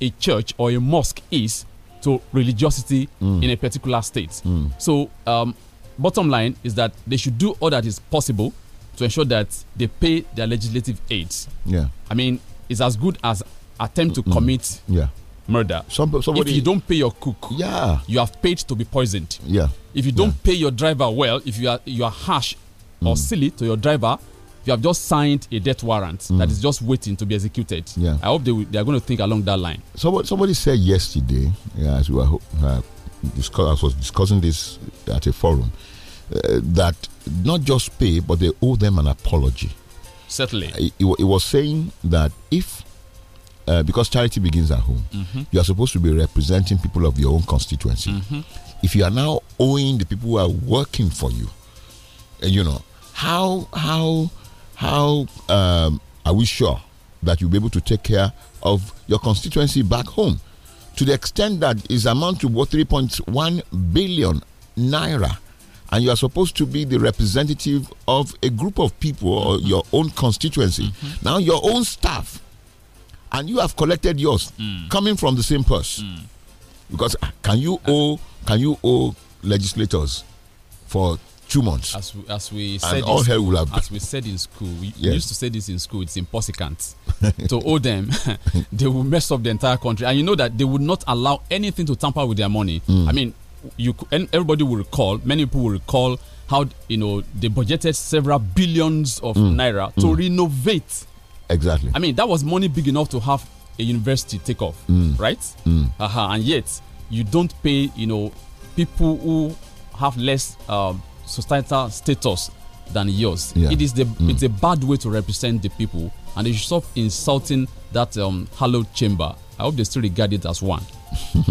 a church or a mosque is to religiosity mm. in a particular state. Mm. So, um, bottom line is that they should do all that is possible to ensure that they pay their legislative aids. Yeah. I mean, it's as good as attempt to mm. commit yeah. murder. Some, somebody, if you don't pay your cook, yeah. you have paid to be poisoned. Yeah. If you don't yeah. pay your driver well, if you are you are harsh or mm. silly to your driver, you have just signed a death warrant mm. that is just waiting to be executed. Yeah. I hope they, they are going to think along that line. Somebody, somebody said yesterday, yeah, as we were uh, discuss, I was discussing this at a forum, uh, that not just pay, but they owe them an apology. Certainly. It, was saying that if uh, because charity begins at home. Mm -hmm. You are supposed to be representing people of your own constituency. Mm -hmm. If you are now owing the people who are working for you, uh, you know how how how um, are we sure that you'll be able to take care of your constituency back home? To the extent that is amount to 3.1 billion naira, and you are supposed to be the representative of a group of people or mm-hmm. your own constituency. Mm -hmm. Now your own staff, and you have collected yours, mm. coming from the same purse. Mm. Because ah, can you ah. owe can you owe legislators for two months. As we, as we said, all hell will have as we said in school, we yes. used to say this in school. It's impossible to owe them. they will mess up the entire country, and you know that they would not allow anything to tamper with their money. Mm. I mean, you everybody will recall. Many people will recall how you know they budgeted several billions of mm. naira to mm. renovate. Exactly. I mean, that was money big enough to have a university take off, hmm. right? Hmm. Uh -huh. And yet, you don't pay. You know, people who have less. Um, societal status than yours. Yeah. It is the mm. it's a bad way to represent the people, and they should stop insulting that um, hallowed chamber. I hope they still regard it as one.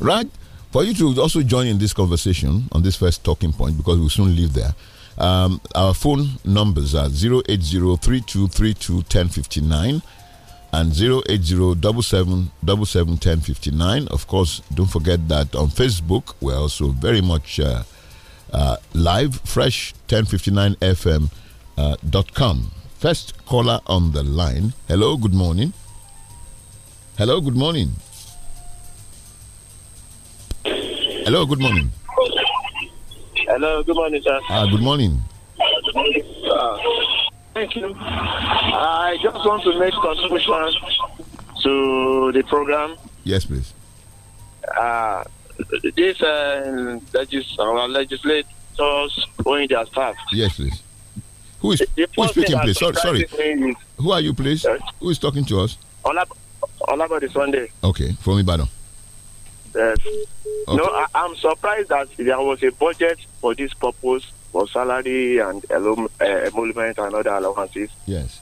right. For you to also join in this conversation on this first talking point, because we'll soon leave there. Um, our phone numbers are 08032321059 and 08077771059. Of course, don't forget that on Facebook, we're also very much uh, uh, live fresh 1059fm.com. Uh, dot com. First caller on the line. Hello, good morning. Hello, good morning. Hello, good morning. Hello, good morning, sir. Ah, good morning. Uh, thank you. I just want to make contribution to the program. Yes, please. Uh, this uh, our legislators going their staff. Yes, please. Who is, the who is speaking, please? Sorry, sorry. who are you, please? Uh, who is talking to us? Olab Olabody Sunday. Okay, from Ibadan. Yes. Okay. No, I, am surprised that there was a budget for this purpose for salary and eh, emolument uh, and other allowances. Yes.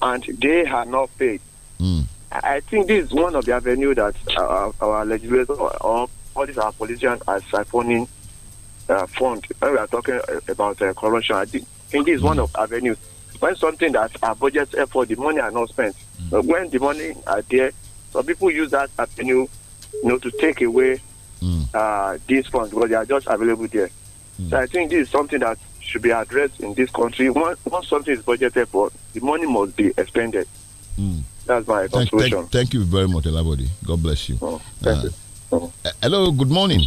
And they are not paid. Mm. I think this is one of the avenues that our, our legislators or all these our politicians are siphoning uh, fund. When we are talking uh, about uh, corruption, I think India is one of avenues. When something that our budget for the money are not spent, mm. when the money are there, some people use that avenue, you know, to take away mm. uh, these funds because they are just available there. Mm. So I think this is something that should be addressed in this country. Once, once something is budgeted for, the money must be expended. Mm. That's my conclusion. Thank, thank, you very much, Elabodi. God bless you. Oh, thank uh, you. Uh, hello, good morning.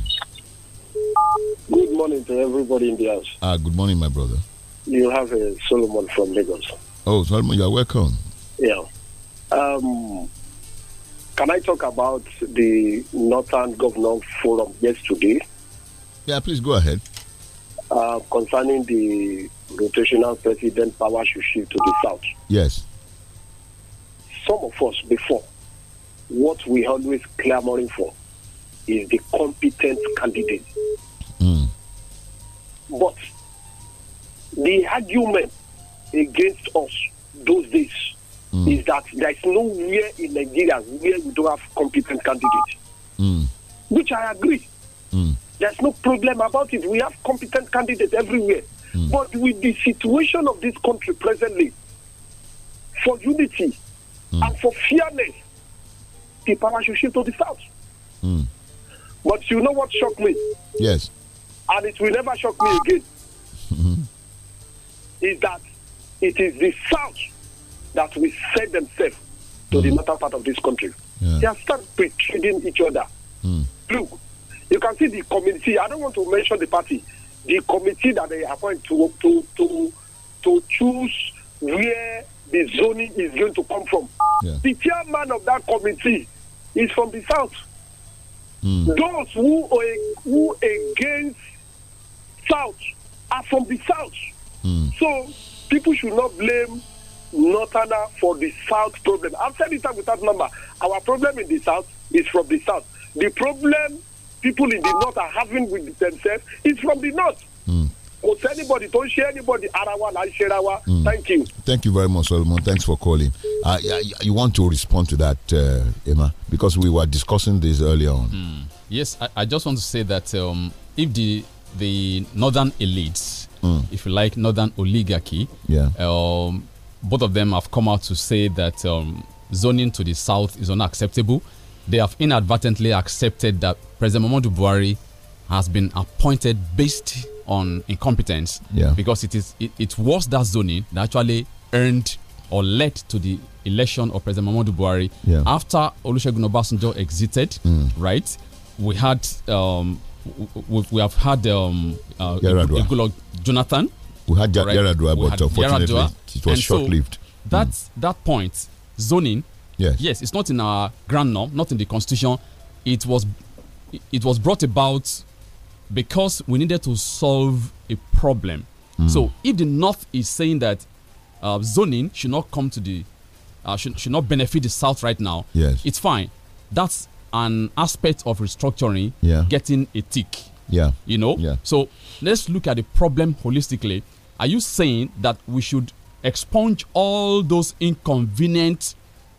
Good morning to everybody in the house. Ah, good morning, my brother. You have a uh, Solomon from Lagos. Oh, Solomon, you are welcome. Yeah. Um, can I talk about the Northern Governor Forum yesterday? Yeah, please go ahead. Uh, concerning the rotational president power should shift to the south. Yes. Some of us before, what we always clamoring for is the competent candidate. Mm. But the argument against us those days mm. is that there is nowhere in Nigeria where we don't have competent candidates, mm. which I agree. Hmm. There's no problem about it. We have competent candidates everywhere. Hmm. But with the situation of this country presently, for unity hmm. and for fairness, the power should shift to the south. But you know what shocked me? Yes. And it will never shock me again. Mm-hmm. Is that it is the South that will set themselves to mm -hmm. the mm-hmm. northern part of this country. Yeah. They have started betraying each other. Mm. Look, you can see the committee. I don't want to mention the party. The committee that they appoint to to to to choose where the zoning is going to come from. Yeah. The chairman of that committee is from the south. Mm. Those who are eh, who against South are from the South. Mm. So people should not blame Northerner for the South problem. I've said it time without number. Our problem in the South is from the South. The problem people in the North are having with themselves is from the North. Mm kò sẹ́nibọ̀dì tó ń ṣe anybody ara wa là ń ṣe ra wa. Hmm. thank you. thank you very much solomon thanks for calling uh, you want to respond to that uh, emma because we were discussing this earlier on. Mm. yes I, I, just want to say that um, if the the northern elites mm. if you like northern oligarchy yeah um, both of them have come out to say that um, zoning to the south is unacceptable. They have inadvertently accepted that President Muhammadu Buhari has been appointed based on incompetence yeah. because it is it, it was that zoning that actually earned or led to the election of President Muhammadu Buhari. Yeah. After Olusegun Obasanjo exited, mm. right, we had um, we, we have had um, uh, Jonathan. We had Ger right? Yaradua, but had unfortunately Yaradua. it was short-lived. So that mm. that point zoning, yes, yes, it's not in our grand norm, not in the constitution. It was it was brought about because we needed to solve a problem. Mm. So hmm. if the North is saying that uh, zoning should not come to the uh, should, should not benefit the South right now, yes, it's fine. That's an aspect of restructuring, yeah. getting a tick. Yeah. You know? Yeah. So let's look at the problem holistically. Are you saying that we should expunge all those inconvenient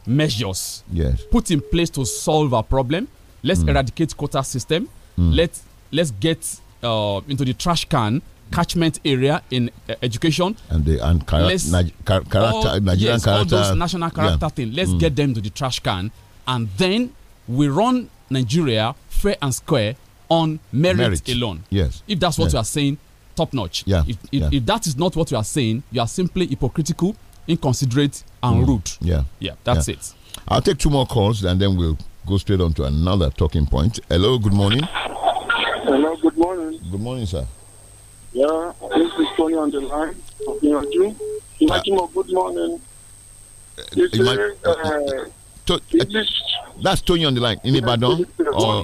measures yes. put in place to solve our problem? Let's mm. eradicate quota system. Mm. Let's let's get uh, into the trash can catchment area in uh, education and the and character all, Nigerian yes, character all those national character yeah. thing. Let's mm. get them to the trash can, and then we run Nigeria fair and square on merit, merit. alone. Yes, if that's what yes. you are saying, top notch. Yeah. If, if, yeah. if, that is not what you are saying, you are simply hypocritical, inconsiderate, and mm. rude. Yeah, yeah, that's yeah. it. I'll take two more calls and then we'll go straight on to another talking point. Hello, good morning morning. Good morning, sir. Yeah, this is Tony on the line. Imagine, imagine, uh, good morning. Uh, this is, uh, uh, to, this, uh, that's Tony on the line in Ibadan. Or?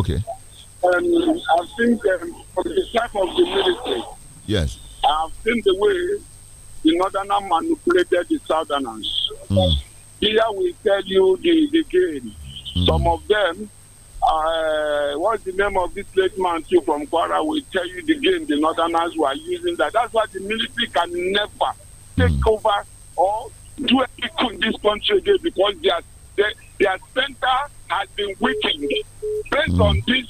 Okay. Um, i think, seen them um, from the side of the military. Yes. I've seen the way the northerners manipulated the southerners. Mm. Here we tell you the, the game. Mm. Some of them uh, what's the name of this late man too from Kwara will tell you the game the Northerners were using that. That's why the military can never take hmm. over or do anything in this country again because their, their, their center has been weakened based on hmm. this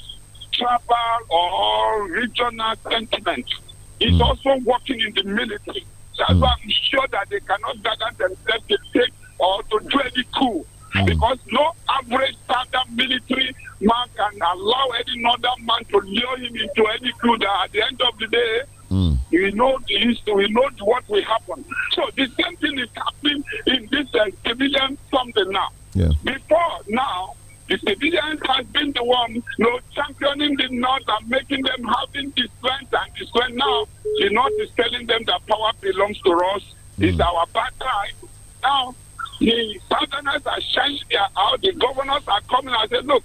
tribal or regional sentiment. It's hmm. also working in the military. That's why I'm sure that they cannot gather themselves to take or to do any coup Mm. Because no average standard military man can allow any other man to lure him into any clue that at the end of the day, mm. we know the history, we know what will happen. So the same thing is happening in this uh, civilian something now. Yeah. Before now, the civilians has been the one you know, championing the North and making them having the strength and the strength. Now, the North is telling them that power belongs to us. Mm. It's hmm. our time Now, the southerners are changed their out. The governors are coming and say, look,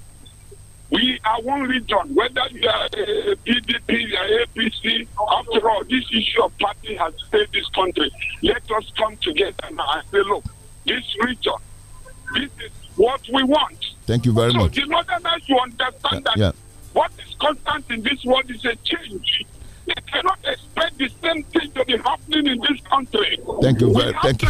we are one region. Whether you are a PDP, you are APC, after all, this issue of party has failed this country. Let us come together now and say, look, this region, this is what we want. Thank you very so much. So the northerners, you understand yeah, that yeah. what is constant in this world is a change they cannot expect the same thing to be happening in this country. Thank you very much. Thank you.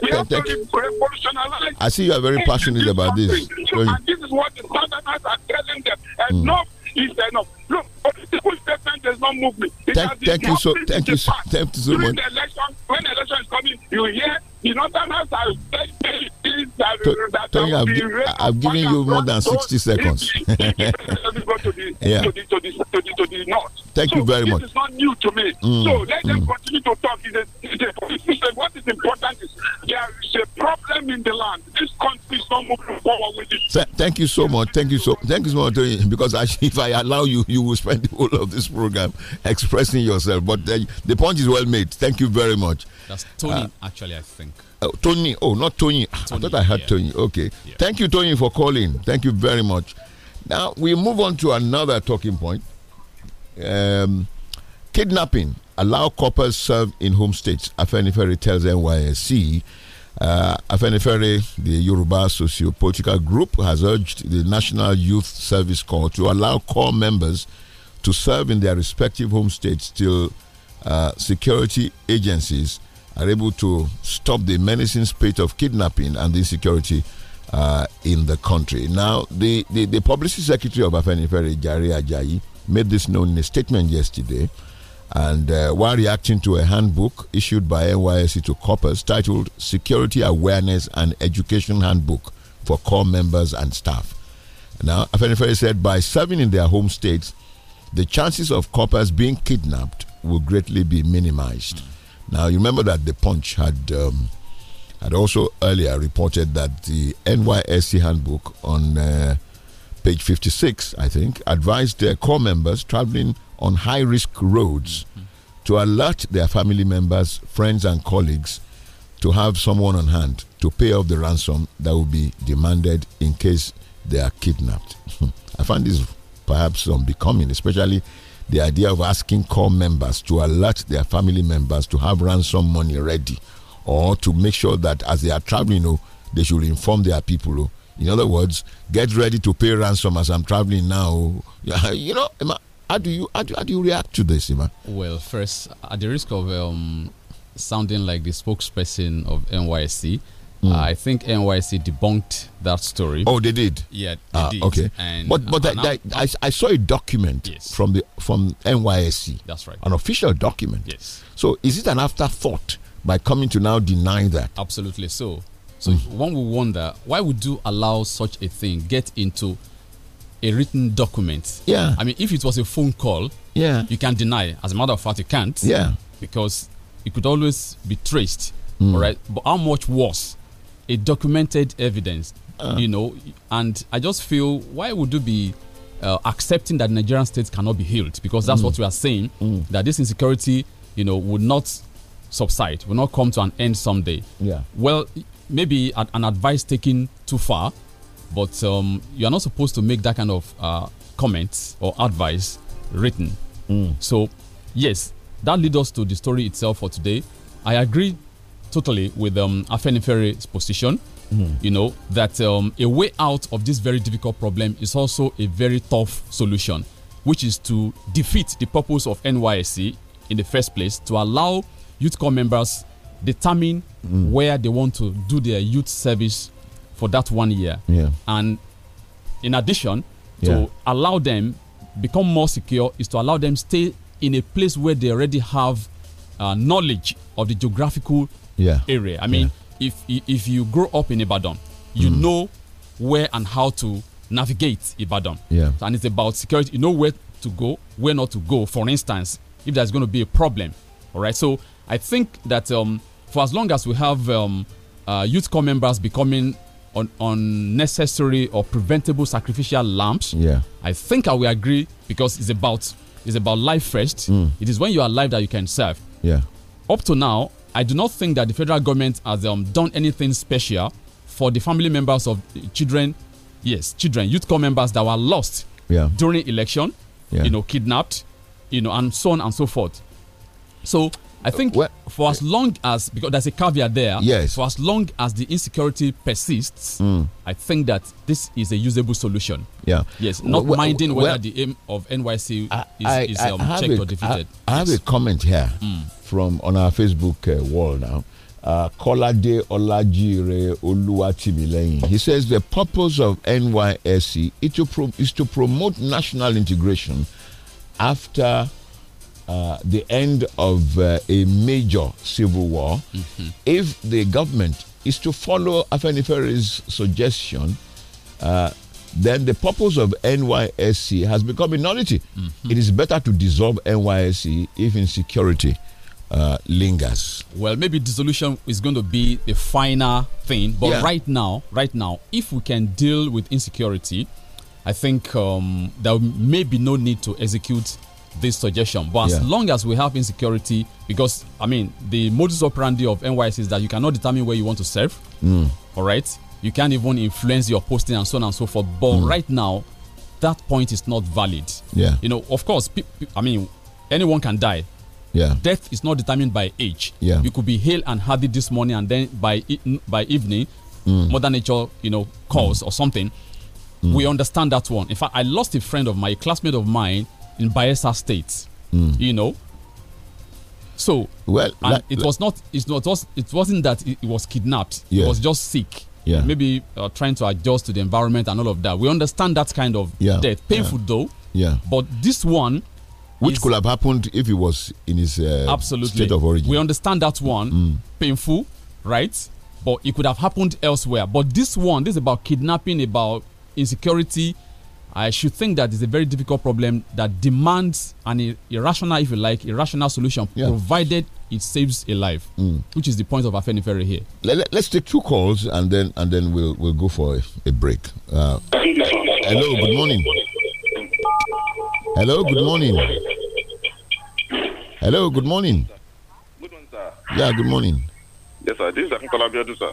Th we thank to I see you are very passionate about this. And this is what the southerners are telling them. Hmm. Enough mm. is enough. Look, political statement does not move me. thank, thank you so, thank you so, thank you so During The election, when the election is coming, you hear the Northerners are saying things that, to, that Tony, I've, gi I've given you more than 60 seconds. yeah. Thank so you very this much. This is not new to me. Mm, so let mm. them continue to talk. It's a, it's what is important is there is a problem in the land. This country is not moving forward with it. Th thank you so much. Thank you so. Thank you so much, Tony, because actually, if I allow you, you you will spend the whole of this program expressing yourself. But the, uh, the point is well made. Thank you very much. That's Tony, uh, actually, I think. Uh, Tony, oh, not Tony. Tony. I thought I had yeah. Tony. Okay. Yeah. Thank you, Tony, for calling. Thank you very much. Now, we move on to another talking point. Um, kidnapping. Allow coppers serve in home states. Afenifere tells NYSC uh, Afenifere, the Yoruba socio-political group, has urged the National Youth Service Corps to allow core members to serve in their respective home states till uh, security agencies are able to stop the menacing spate of kidnapping and insecurity uh, in the country. Now, the, the, the publicity secretary of Afenifere, Jari Ajayi, made this known in a statement yesterday. And uh, while reacting to a handbook issued by NYSC to coppers titled Security Awareness and Education Handbook for Core Members and Staff. Now, Afenifere said by serving in their home states, the chances of coppers being kidnapped will greatly be minimized. Mm. Now, you remember that the Punch had um, had also earlier reported that the NYSC handbook on uh, page 56, I think, advised their core members traveling on high risk roads mm -hmm. to alert their family members, friends, and colleagues to have someone on hand to pay off the ransom that will be demanded in case they are kidnapped. I find this perhaps unbecoming, especially the idea of asking core members to alert their family members to have ransom money ready or to make sure that as they are traveling, you oh, know, they should inform their people oh, in other words, get ready to pay ransom as I'm traveling now. you know, Emma, how do you how do, how do you react to this, Emma? Well, first, at the risk of um, sounding like the spokesperson of NYC, Mm. Uh, I think NYC debunked that story. Oh, they did. Yeah, they ah, did. Okay, and, but but and I, I, I, saw a document yes. from the from NYC. That's right. An official document. Yes. So is it an afterthought by coming to now deny that? Absolutely. So so mm. one would wonder why would you allow such a thing get into a written document? Yeah. I mean, if it was a phone call, yeah, you can deny. As a matter of fact, you can't. Yeah. Because it could always be traced. Mm. All right. But how much worse a documented evidence? Uh. You know, and I just feel why would you be uh, accepting that Nigerian states cannot be healed because that's mm. what we are saying mm. that this insecurity, you know, would not subside, will not come to an end someday. Yeah. Well, maybe an advice taken too far, but um, you are not supposed to make that kind of uh, comments or advice written. Mm. So, yes, that leads us to the story itself for today. I agree totally with um, Afeniferi's position. Mm. You know that um, a way out of this very difficult problem is also a very tough solution, which is to defeat the purpose of NYSC in the first place to allow youth corps members determine mm. where they want to do their youth service for that one year. Yeah. And in addition, yeah. to allow them become more secure is to allow them stay in a place where they already have uh, knowledge of the geographical yeah. area. I mean, if if you grow up in Ibadan, you mm. know where and how to navigate Ibadan. Yeah. And it's about security. You know where to go, where not to go. For instance, if there's going to be a problem, all right. So I think that um, for as long as we have um, uh, youth corps members becoming unnecessary or preventable sacrificial lambs, yeah. I think I will agree because it's about it's about life first. Mm. It is when you are alive that you can serve. Yeah. Up to now, I do not think that the federal government has um, done anything special for the family members of children, yes, children, youth corps members that were lost yeah. during election, yeah. you know, kidnapped, you know, and so on and so forth. So I think well, for as long as because there's a caveat there. Yes. For as long as the insecurity persists, mm. I think that this is a usable solution. Yeah. Yes. Not well, minding well, whether the aim of NYC I, is, I, is um, checked a, or defeated. I, I have yes. a comment here mm. from on our Facebook uh, wall now. Uh, de Olajire Oluwatimileyin. He says the purpose of NYSC is to, is to promote national integration after uh, the end of uh, a major civil war, mm -hmm. if the government is to follow Afenifere's suggestion, uh, then the purpose of NYSC has become a nullity. Mm -hmm. It is better to dissolve NYSC if insecurity uh, lingers. Well, maybe dissolution is going to be the final thing, but yeah. right now, right now, if we can deal with insecurity, I think um, there may be no need to execute this suggestion. But yeah. as long as we have insecurity, because I mean, the modus operandi of NYC is that you cannot determine where you want to serve. Mm. All right, you can't even influence your posting and so on and so forth. But mm. right now, that point is not valid. Yeah, you know, of course, I mean, anyone can die. Yeah. Death is not determined by age. Yeah. You could be hale and hearty this morning, and then by by evening, mm. mother nature, you know, calls hmm. or something. We hmm. understand that one. In fact, I lost a friend of mine, a classmate of mine, in Bayelsa State. Mm. You know. So well, and like, it was not. It's not. It wasn't that he was kidnapped. Yeah. It was just sick. Yeah. Maybe uh, trying to adjust to the environment and all of that. We understand that kind of yeah. death, painful yeah. though. Yeah. But this one, which could have happened if he was in his uh, absolutely state of origin. We understand that one mm. painful, right? But it could have happened elsewhere. But this one, this is about kidnapping, about insecurity, I should think that it's a very difficult problem that demands an irrational, if you like, irrational solution, yeah. provided it saves a life, mm. which is the point of ferry here. Let, us take two calls and then and then we'll we'll go for a, a break. Uh, hello, good morning. Hello, good morning. Hello, good morning. Good morning, sir. Yeah, good morning. Yes, sir. This is Akinkola Biodu, sir.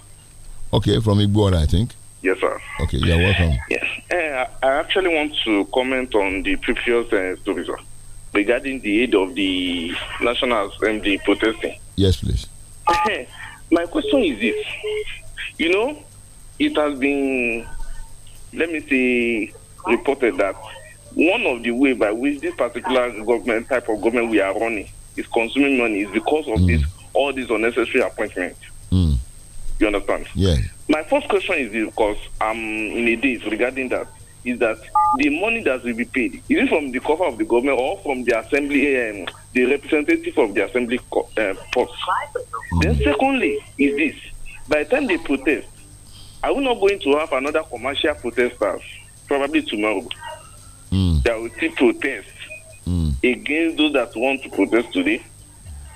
Okay, from Igbo, I think. Yes, sir. Okay, you're welcome. Yes, uh, I actually want to comment on the previous uh, story, sir, regarding the aid of the and the protesting. Yes, please. Okay. Eh, my question is this: You know, it has been, let me say, reported that one of the way by which this particular government type of government we are running is consuming money is because of mm. this all these unnecessary appointments. You understand? Yeah. My first question is because I'm in a daze regarding that is that the money that will be paid is it from the cover of the government or from the assembly um, the representative of the assembly uh, mm. then secondly is this by the time they protest are we not going to have another commercial protesters probably tomorrow mm. that will still protest mm. against those that want to protest today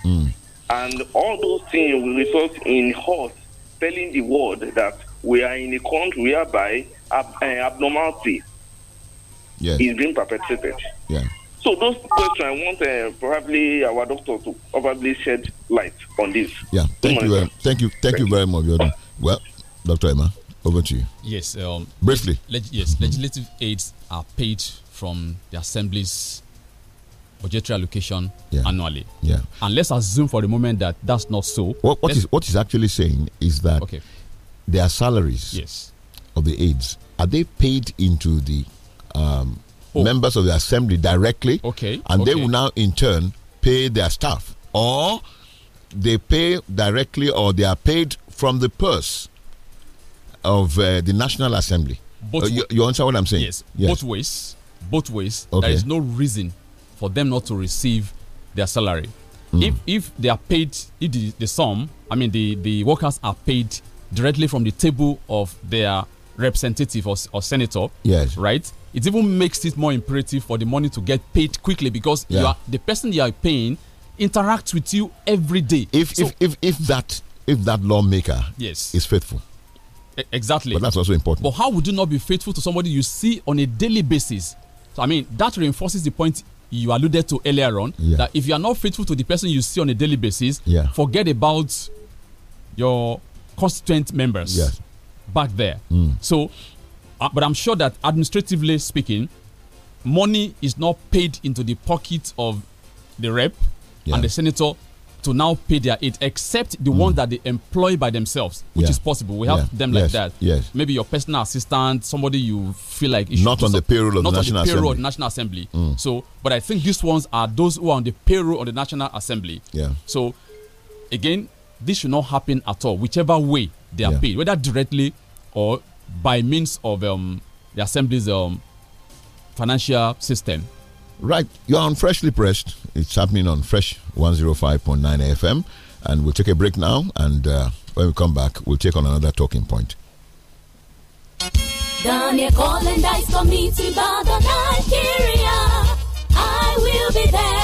mm. and all those things will result in hurt telling the world that we are in a country whereby ab- uh, abnormality yes. is being perpetrated. Yeah. So those questions, I want uh, probably our doctor to probably shed light on this. Yeah, thank you, eh, thank you, thank you very much, Jordan. Well, Doctor Emma, over to you. Yes, um, briefly. yes, legislative aids are paid from the assemblies budgetary allocation yeah. annually. Yeah. And let's assume for the moment that that's not so. What, what, is, what is actually saying is that okay. their salaries yes. of the aides are they paid into the um, oh. members of the assembly directly? Okay. And okay. they will now in turn pay their staff, or they pay directly, or they are paid from the purse of uh, the national assembly. Both uh, you, you, what I'm saying? Yes. yes. Both ways. Both ways. Okay. There is no reason for them not to receive their salary. Mm. If if they are paid, if the, the sum, I mean the the workers are paid directly from the table of their representative or, or senator. Yes. Right. It even makes it more imperative for the money to get paid quickly because yeah. you are the person you are paying interacts with you every day. If so, if, if if that if that lawmaker yes is faithful. exactly. But that's also important. But how would you not be faithful to somebody you see on a daily basis? So I mean that reinforces the point you alluded to earlier on yeah. that if you are not faithful to the person you see on a daily basis, yeah. forget about your constituent members yes. back there. Mm. So, uh, but I'm sure that administratively speaking, money is not paid into the pocket of the rep yeah. and the senator to now pay their aid, except the mm. ones that they employ by themselves, which yeah. is possible. We have yeah. them like yes. that. Yes. Maybe your personal assistant, somebody you feel like not on the payroll of the National the payroll Assembly. National Assembly. Mm. So, but I think these ones are those who are on the payroll of the National Assembly. Yeah. So, again, this should not happen at all. Whichever way they are yeah. paid, whether directly or by means of um, the Assembly's um, financial system Right, you're on Freshly Pressed. It's happening on Fresh 105.9 FM. And we'll take a break now. And uh, when we come back, we'll take on another talking point. Daniel Dice for me to Nigeria. I will be there.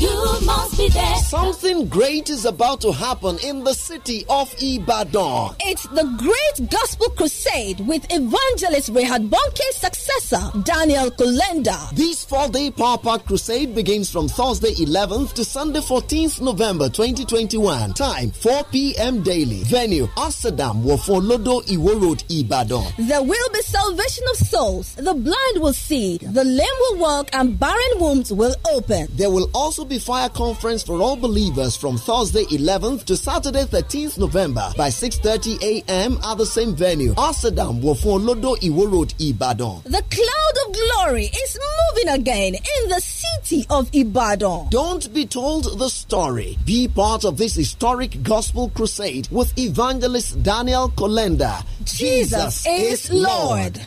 You must be there. Something great is about to happen in the city of Ibadan. It's the Great Gospel Crusade with evangelist Rehad Bonke's successor, Daniel Kulenda. This four day Power Crusade begins from Thursday 11th to Sunday 14th November 2021. Time 4 p.m. daily. Venue Asadam Wofolodo Iwo Road, Ibadan. There will be salvation of souls. The blind will see, the lame will walk, and barren wombs will open. There will also be fire conference for all believers from Thursday 11th to Saturday 13th November by 6:30 a.m. at the same venue. Asadam Wofun Lodo Iwo Road, Ibadan. The cloud of glory is moving again in the city of Ibadan. Don't be told the story. Be part of this historic gospel crusade with evangelist Daniel Colenda. Jesus, Jesus is Lord. Lord.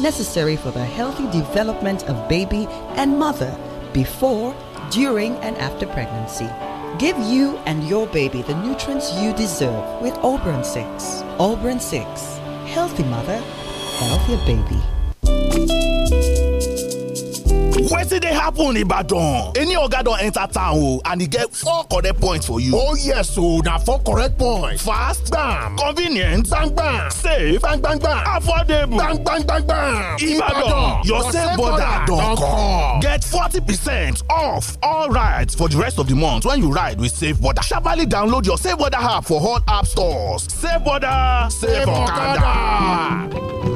necessary for the healthy development of baby and mother before, during, and after pregnancy. Give you and your baby the nutrients you deserve with Auburn 6. Auburn 6. Healthy mother, healthier baby. wetin dey happen ibadan any oga don enter town o and e get four correct points for you oh yes o na four correct points fast gbam convenient gbangbam safe gbangbam affordable gbangbam ibadan your safe border don come get forty percent off all rides for the rest of the month when you ride with safe border sharparly download your safe border app for all app stores safe border safe okada.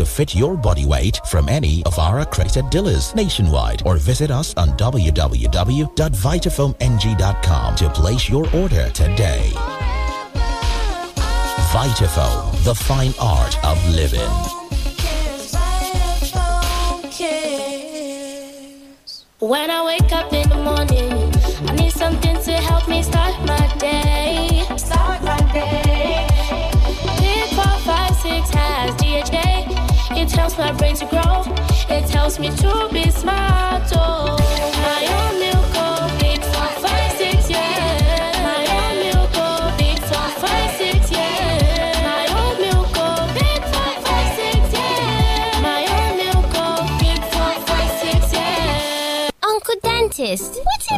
to fit your body weight from any of our accredited dealers nationwide or visit us on www.vitafoamng.com to place your order today. Vitafoam, the fine art of living. When I wake up in the morning helps my brain to grow. It helps me to be smart. Oh. Uncle Dentist, what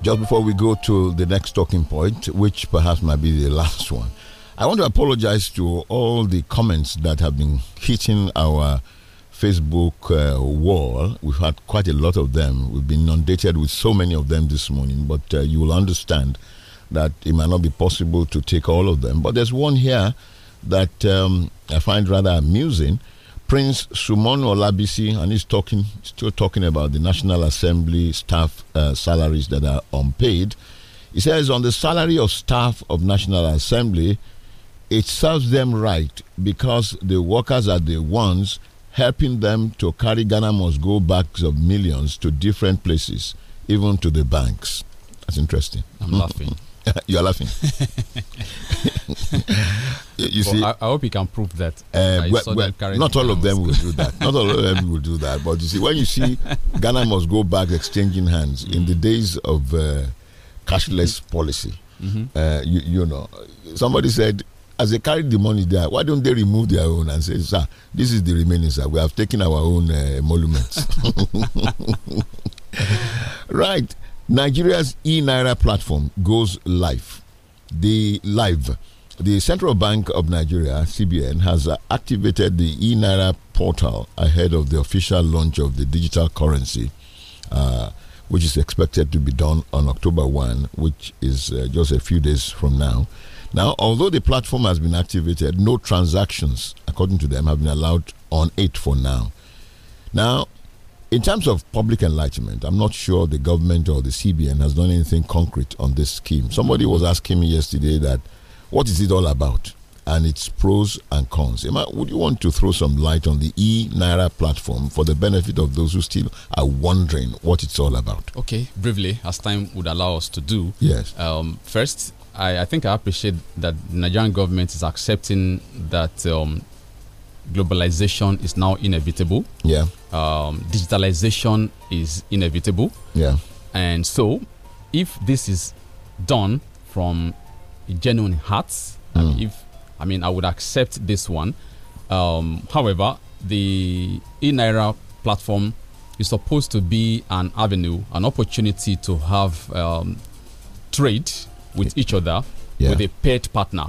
Just before we go to the next talking point, which perhaps might be the last one, I want to apologize to all the comments that have been hitting our Facebook uh, wall. We've had quite a lot of them. We've been inundated with so many of them this morning, but uh, you will understand that it might not be possible to take all of them. But there's one here that um, I find rather amusing. Prince Sumon Olabisi, and he's talking, still talking about the National Assembly staff uh, salaries that are unpaid. He says, on the salary of staff of National Assembly, it serves them right because the workers are the ones helping them to carry Ghana must go bags of millions to different places, even to the banks. That's interesting. I'm laughing. you are laughing. you well, see, I, I, hope you can prove that. Uh, well, well, not all of them will do that. Not all of them will do that. But you see, when you see Ghana must go back exchanging hands mm in the mm. days of uh, cashless mm-hmm. policy, mm -hmm. uh, you, you know, somebody said as they carry the money there, why don't they remove their own and say, sir, this is the remaining, sir. We have taken our own uh, emoluments. right. Nigeria's e Naira platform goes live. The live. The Central Bank of Nigeria, CBN, has uh, activated the e Naira portal ahead of the official launch of the digital currency, uh, which is expected to be done on October 1, which is uh, just a few days from now. Now, although the platform has been activated, no transactions, according to them, have been allowed on it for now. Now, in terms of public enlightenment, I'm not sure the government or the CBN has done anything concrete on this scheme. Somebody was asking me yesterday that what is it all about and its pros and cons. Emma, would you want to throw some light on the e Naira platform for the benefit of those who still are wondering what it's all about? Okay, briefly, as time would allow us to do. Yes. Um, first, I, I, think I appreciate that Nigerian government is accepting that um, globalization is now inevitable. Yeah. Um, digitalization is inevitable. Yeah. And so, if this is done from genuine hearts, mm. if I mean, I would accept this one. Um, however, the eNaira platform is supposed to be an avenue, an opportunity to have um, trade with each other yeah. with a paid partner.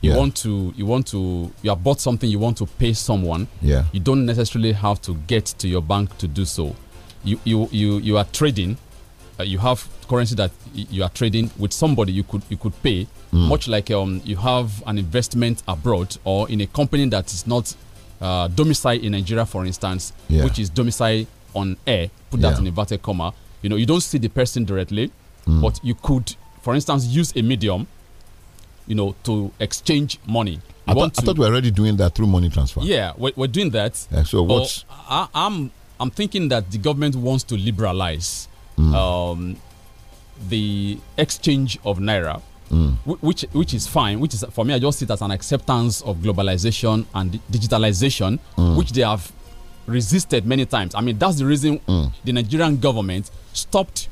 You yeah. want to you want to you have bought something you want to pay someone. Yeah. You don't necessarily have to get to your bank to do so. You you you you are trading. Uh, you have currency that you are trading with somebody you could you could pay mm. much like um you have an investment abroad or in a company that is not uh, domicile in Nigeria for instance yeah. which is domicile on air put that yeah. in inverted comma you know you don't see the person directly mm. but you could for instance use a medium you know, to exchange money. I, th I, thought we were already doing that through money transfer. Yeah, we're, we're doing that. Yeah, so what? I, am I'm, I'm thinking that the government wants to liberalize mm. um, the exchange of naira. Mm. Which which is fine, which is for me, I just see it as an acceptance of globalization and digitalization, mm. which they have resisted many times. I mean, that's the reason mm. the Nigerian government stopped,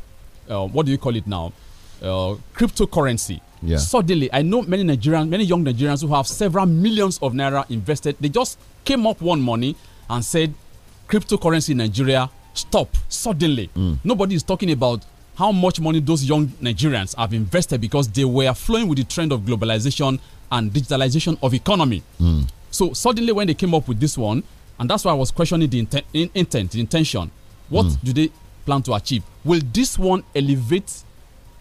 uh, what do you call it now, uh, cryptocurrency yeah. suddenly, I know many Nigerians, many young Nigerians who have several millions of naira invested. They just came up one morning and said, cryptocurrency in Nigeria, stop suddenly. Mm. Nobody is talking about how much money those young Nigerians have invested because they were flowing with the trend of globalization and digitalization of economy. Mm. So suddenly, when they came up with this one, and that's why I was questioning the intent, in, intent the intention. What mm. do they plan to achieve? Will this one elevate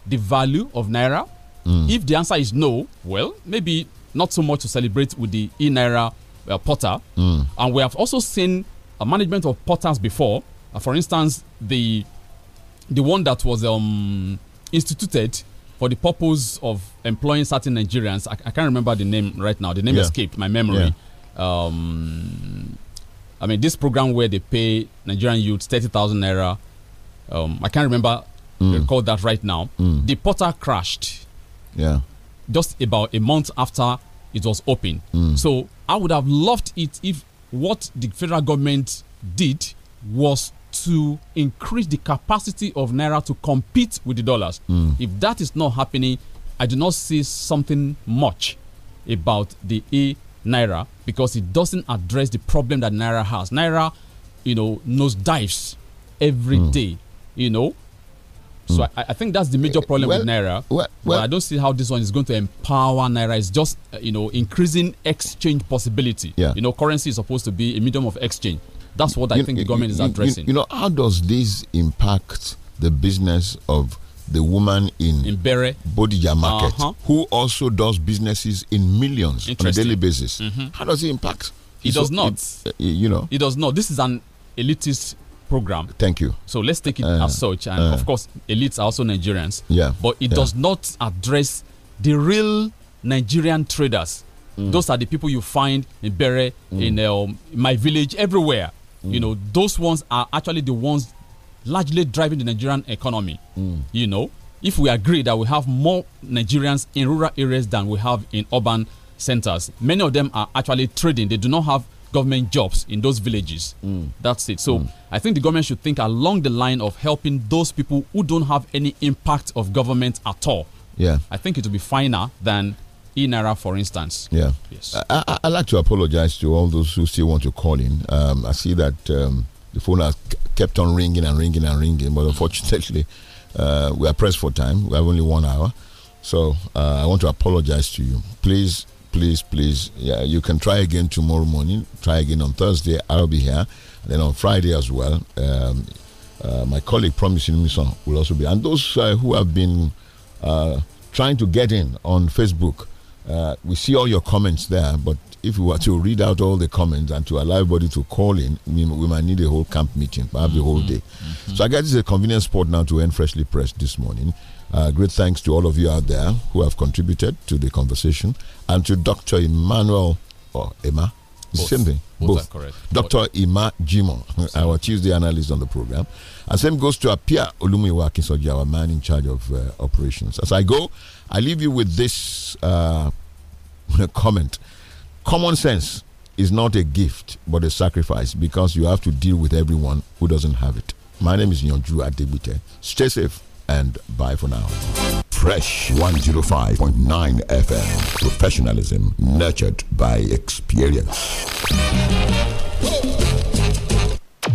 the value of naira? Mm. If the answer is no, well, maybe not so much to celebrate with the e naira uh, Potter. Mm. And we have also seen a management of Potters before. Uh, for instance, the the one that was um, instituted for the purpose of employing certain Nigerians. I, I, can't remember the name right now. The name yeah. escaped my memory. Yeah. Um, I mean, this program where they pay Nigerian youths 30,000 naira. Um, I can't remember, mm. recall that right now. Mm. The Potter crashed. Yeah. Just about a month after it was open. Mm. So I would have loved it if what the federal government did was to increase the capacity of naira to compete with the dollars. Mm. If that is not happening, I do not see something much about the e naira because it doesn't address the problem that naira has. Naira, you know, nose dives every mm. day. You know, so mm. I, I, think that's the major eh, problem well, with naira. Well, well, I don't see how this one is going to empower naira. It's just uh, you know increasing exchange possibility. Yeah. You know, currency is supposed to be a medium of exchange. That's what you, I think the government you, is addressing. You, know, how does this impact the business of the woman in, in Bere. Bodija Market, uh -huh. who also does businesses in millions on a daily basis? Mm -hmm. How does it impact? It so, does not. It, uh, you know, it does not. This is an elitist program. Thank you. So let's take it uh, as such. And uh, of course, elites are also Nigerians. Yeah. But it yeah. does not address the real Nigerian traders. Mm. Those are the people you find in Bere, mm. in um, my village, everywhere. Mm. You know, those ones are actually the ones largely driving the Nigerian economy. Mm. You know, if we agree that we have more Nigerians in rural areas than we have in urban centers, many of them are actually trading. They do not have government jobs in those villages. Mm. That's it. So mm. I think the government should think along the line of helping those people who don't have any impact of government at all. Yeah. I think it would be finer than Inara, for instance. Yeah. Yes. I, I, I, like to apologize to all those who still want to call in. Um, I see that um, the phone has kept on ringing and ringing and ringing, but unfortunately, uh, we are pressed for time. We have only one hour. So uh, I want to apologize to you. Please please, please, yeah, you can try again tomorrow morning. Try again on Thursday. I'll be here. And then on Friday as well, um, uh, my colleague promising me some will also be. And those uh, who have been uh, trying to get in on Facebook, uh, we see all your comments there. But if we were to read out all the comments and to allow everybody to call in, we, we might need a whole camp meeting, perhaps mm -hmm. the whole mm-hmm. day. Mm -hmm. So I guess it's a convenient spot now to end freshly pressed this morning. Uh, great thanks to all of you out there who have contributed to the conversation and to Dr. Emmanuel or Emma. Both. Same thing. Both. both. Dr. Emma Ima Jimo, our Tuesday analyst on the program. And same goes to Apia Olumi Akinsoji, our man in charge of uh, operations. As I go, I leave you with this uh, comment. Common sense is not a gift, but a sacrifice because you have to deal with everyone who doesn't have it. My name is Nyonju Adebite. Stay safe and bye for now. Fresh 105.9 FM. Professionalism nurtured by experience.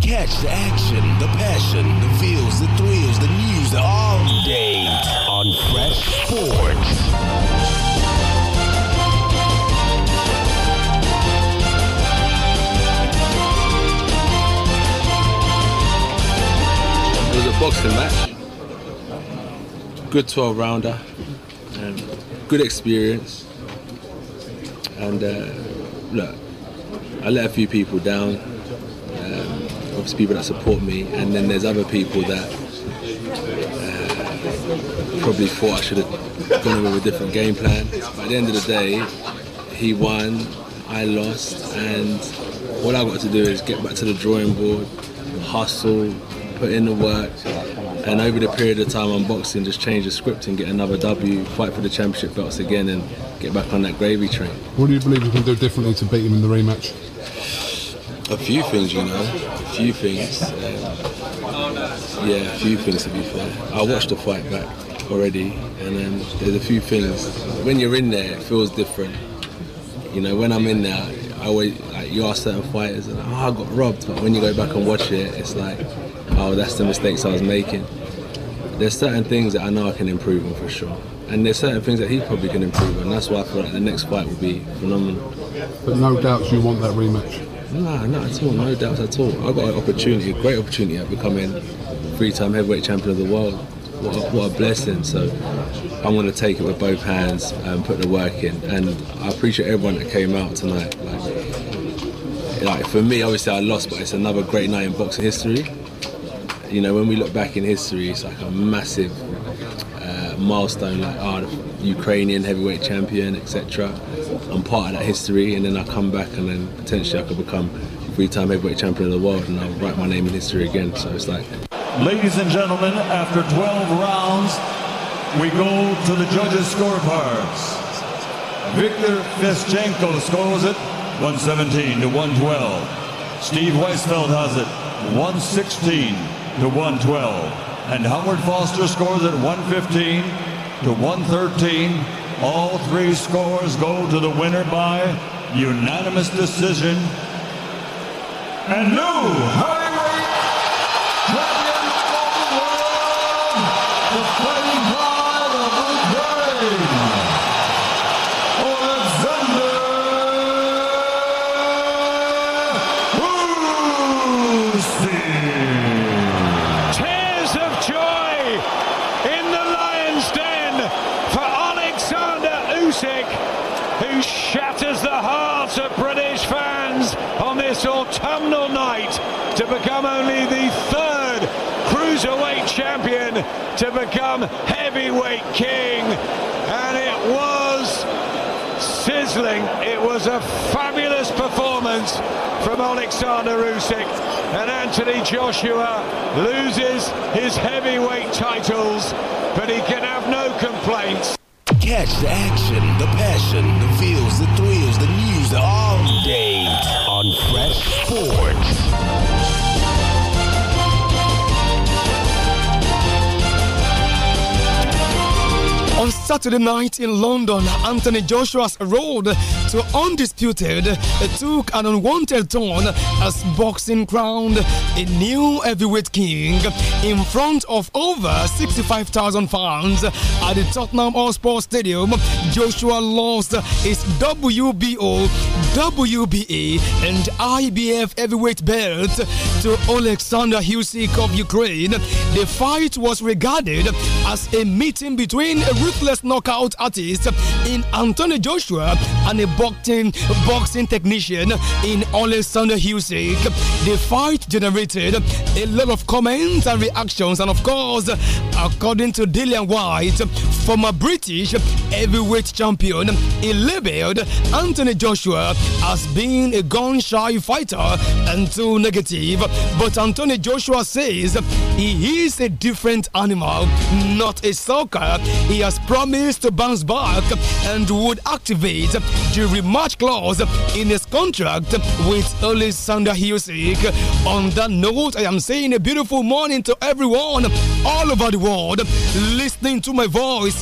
Catch the action, the passion, the feels, the thrills, the news all day on Fresh Sports. It was a boxing match good 12 rounder, and good experience. And uh, look, I let a few people down. Um, obviously, people that support me, and then there's other people that uh, probably thought I should have gone with a different game plan. But at the end of the day, he won, I lost, and all I got to do is get back to the drawing board, hustle, put in the work, and over the period of time unboxing, just change the script and get another W, fight for the championship belts again, and get back on that gravy train. What do you believe you can do differently to beat him in the rematch? A few things, you know, a few things. Um, yeah, a few things to be fair. I watched the fight back already, and then um, there's a few things. When you're in there, it feels different. You know, when I'm in there, I always like, you ask certain fighters, and oh, I got robbed. But when you go back and watch it, it's like oh, that's the mistakes I was making. There's certain things that I know I can improve on for sure. And there's certain things that he probably can improve on. That's why I feel like the next fight will be phenomenal. But no doubts you want that rematch? Nah, not at all. No doubts at all. I got an opportunity, a great opportunity at becoming three-time heavyweight champion of the world. What a, what a blessing. So I'm going to take it with both hands and put the work in. And I appreciate everyone that came out tonight. Like, like for me, obviously I lost, but it's another great night in boxing history you know, when we look back in history, it's like a massive uh, milestone, like, oh, the Ukrainian heavyweight champion, etc. I'm part of that history, and then I come back, and then potentially I could become three-time heavyweight champion of the world, and I'll write my name in history again. So it's like, ladies and gentlemen, after 12 rounds, we go to the judges' scorecards. Victor Fischenko scores it 117 to 112. Steve Weisfeld has it 116 to 112. And Howard Foster scores at 115 to 113. All three scores go to the winner by unanimous decision. And new heavyweight become only the third cruiserweight champion to become heavyweight king. And it was sizzling. It was a fabulous performance from Alexander Usyk. And Anthony Joshua loses his heavyweight titles, but he can have no complaints. Catch the action, the passion, the feels, the thrills, the news all day on Fresh Sports. On Saturday night in London, Anthony Joshua's Road to Undisputed uh, took an unwanted turn as boxing crowned a new heavyweight king in front of over 65,000 fans at the Tottenham Hotspur Stadium. Joshua lost his WBO, WBA, and IBF heavyweight belt to Alexander Husik of Ukraine. The fight was regarded as a meeting between a ruthless knockout artist in Anthony Joshua and a boxing, boxing technician in Alexander Husik. The fight generated a lot of comments and reactions, and of course, according to Dillian White, former British heavyweight champion, he labeled Anthony Joshua as being a gun shy fighter and too negative. But Anthony Joshua says he is a different animal, not a soccer. He has promised to bounce back and would activate the rematch clause in his contract with Alexander Husik. On that note, I am saying a beautiful morning to everyone all over the world listening to my voice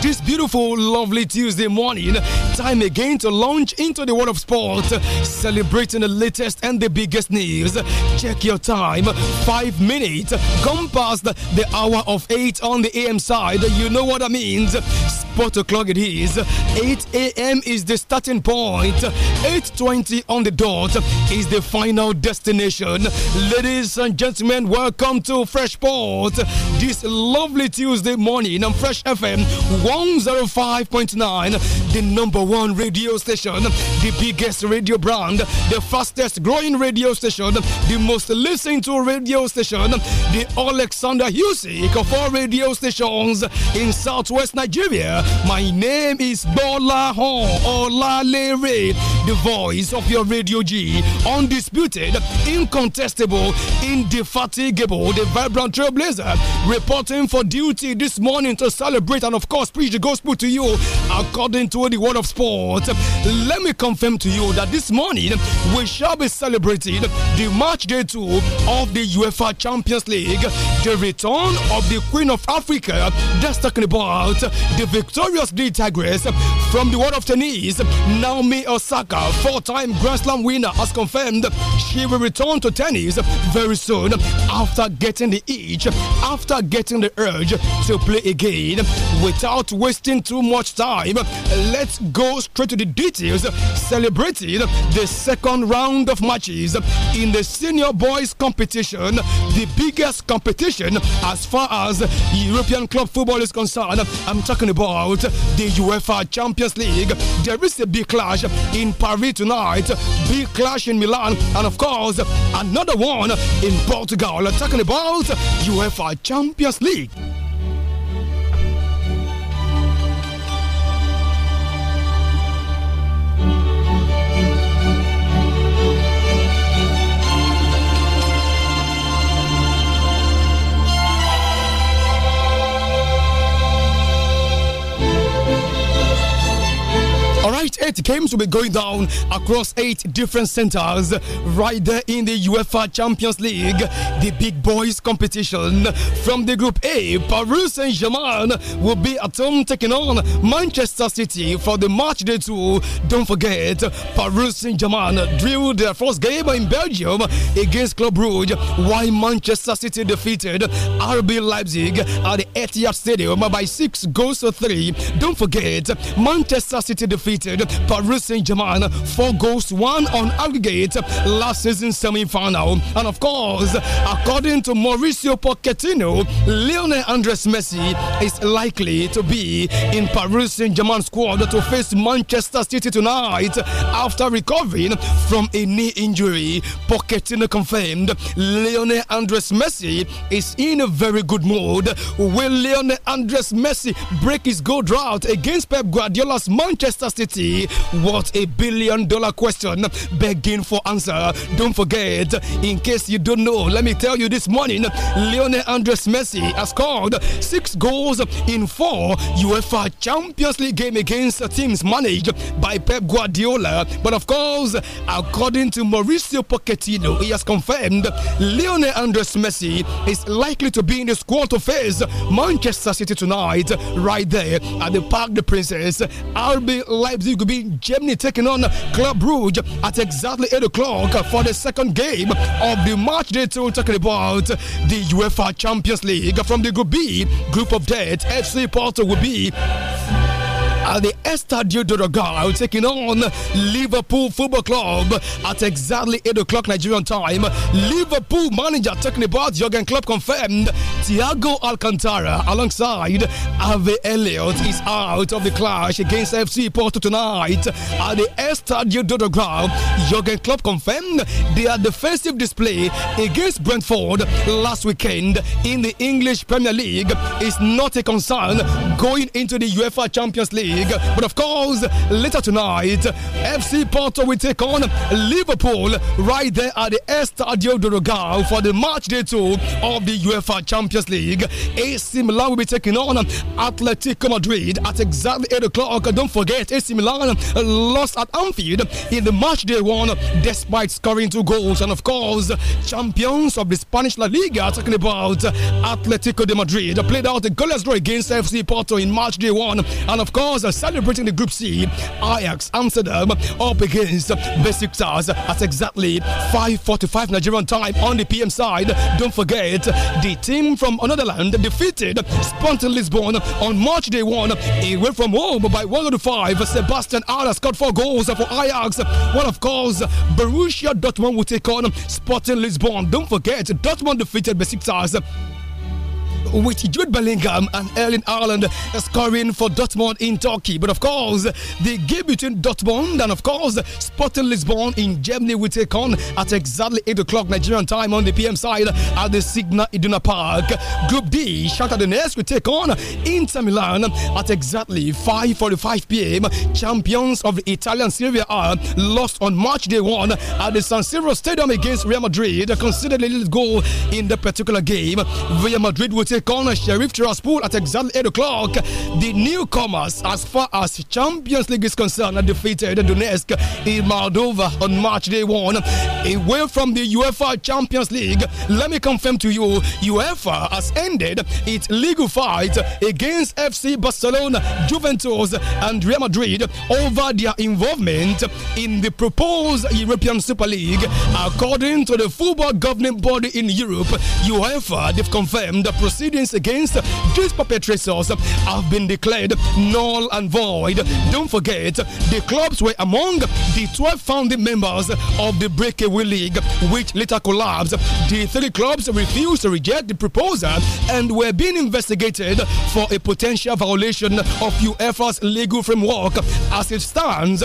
this beautiful, lovely Tuesday morning. Time again to launch into the world of sport, celebrating the latest and the biggest news. Check your time, five minutes, gone past the hour of eight on the AM side. You know what that means what o'clock it is. 8 a.m. is the starting point. 8.20 on the dot is the final destination. Ladies and gentlemen, welcome to Fresh Port. This lovely Tuesday morning on Fresh FM 105.9, the number one radio station, the biggest radio brand, the fastest growing radio station, the most listened to radio station, the Alexander Husik of all radio stations in southwest Nigeria. My name is Bola Hon Olalere, the voice of your Radio G, undisputed, incontestable, indefatigable, the vibrant trailblazer, reporting for duty this morning to celebrate and, of course, preach the gospel to you according to the word of sport. Let me confirm to you that this morning we shall be celebrating the match day two of the UEFA Champions League, the return of the Queen of Africa. That's talking about the victory victoriously Tigress from the world of tennis. Naomi Osaka, four time Grand Slam winner, has confirmed she will return to tennis very soon after getting the itch, after getting the urge to play again. Without wasting too much time, let's go straight to the details. Celebrated the second round of matches in the senior boys competition, the biggest competition as far as European club football is concerned. I'm talking about about the UEFA Champions League. There is a big clash in Paris tonight, big clash in Milan, and of course, another one in Portugal. Talking about UEFA Champions League. All right, eight games will be going down across eight different centers right there in the UEFA Champions League, the big boys competition. From the Group A, Paris Saint Germain will be at home taking on Manchester City for the match day two. Don't forget, Paris Saint Germain drew their first game in Belgium against Club Brugge, while Manchester City defeated RB Leipzig at the Etihad Stadium by six goals to three. Don't forget, Manchester City defeated defeated Paris Saint Germain four goals, one on aggregate last season semi final. And of course, according to Mauricio Pochettino, Lionel Andres Messi is likely to be in Paris Saint Germain squad to face Manchester City tonight after recovering from a knee injury. Pochettino confirmed Lionel Andres Messi is in a very good mood. Will Lionel Andres Messi break his goal drought against Pep Guardiola's Manchester City? identity? What a billion dollar question begging for answer. Don't forget, in case you don't know, let me tell you this morning Lionel Andres Messi has scored six goals in four UEFA Champions League game against teams managed by Pep Guardiola. But of course, according to Mauricio Pochettino, he has confirmed Lionel Andres Messi is likely to be in the squad to face Manchester City tonight, right there at the Park the Princess. RB Leipzig will be in Germany taking on Club Brugge at exactly 8 o'clock for the second game of the match day two. Talking about the UEFA Champions League from the Group B, Group of Death, FC Porto will be at the Estadio take taking on Liverpool Football Club at exactly 8 o'clock Nigerian time. Liverpool manager talking about Jurgen Klopp confirmed Thiago Alcantara alongside Ave Elliott is out of the clash against FC Porto tonight at the Estadio Dorogao. Jurgen Klopp confirmed their defensive display against Brentford last weekend in the English Premier League is not a concern going into the UEFA Champions League. League. But of course, later tonight, FC Porto will take on Liverpool right there at the Estadio de Dragao for the match day two of the UEFA Champions League. AC Milan will be taking on Atletico Madrid at exactly 8 o'clock. Don't forget, AC Milan lost at Anfield in the match day one despite scoring two goals. And of course, champions of the Spanish La Liga, talking about Atletico de Madrid, played out a goalless draw against FC Porto in match day one. And of course, celebrating the Group C, Ajax Amsterdam up against Besiktas at exactly 5:45 Nigerian time on the PM side. Don't forget the team from another land defeated Spontan Lisbon on March day one away from home by 105. Sebastian Arda scored four goals for Ajax. One of course, Borussia Dortmund will take on Sporting Lisbon. Don't forget Dortmund defeated Besiktas with Jude Bellingham and Erling Haaland scoring for Dortmund in Turkey. But of course, the game between Dortmund and of course Sporting Lisbon in Germany will take on at exactly 8 o'clock Nigerian time on the PM side at the Signa Iduna Park. Group D, Shakhtar Donetsk will take on Inter Milan at exactly 5.45 p.m. Champions of the Italian Serie A lost on March day 1 at the San Siro Stadium against Real Madrid. Considered the goal in the particular game. Real Madrid will City corner Sheriff Tiraspol at exactly 8 o'clock. The newcomers, as far as Champions League is concerned, are defeated Donetsk in Moldova on March day 1. Away from the UEFA Champions League, let me confirm to you, UEFA has ended its legal fight against FC Barcelona, Juventus, and Real Madrid over their involvement in the proposed European Super League. According to the football governing body in Europe, UEFA, they've confirmed the proceedings proceedings against these perpetrators have been declared null and void. Don't forget, the clubs were among the 12 founding members of the Breakaway League, which later collapsed. The three clubs refused to reject the proposal and were being investigated for a potential violation of UEFA's legal framework. As it stands,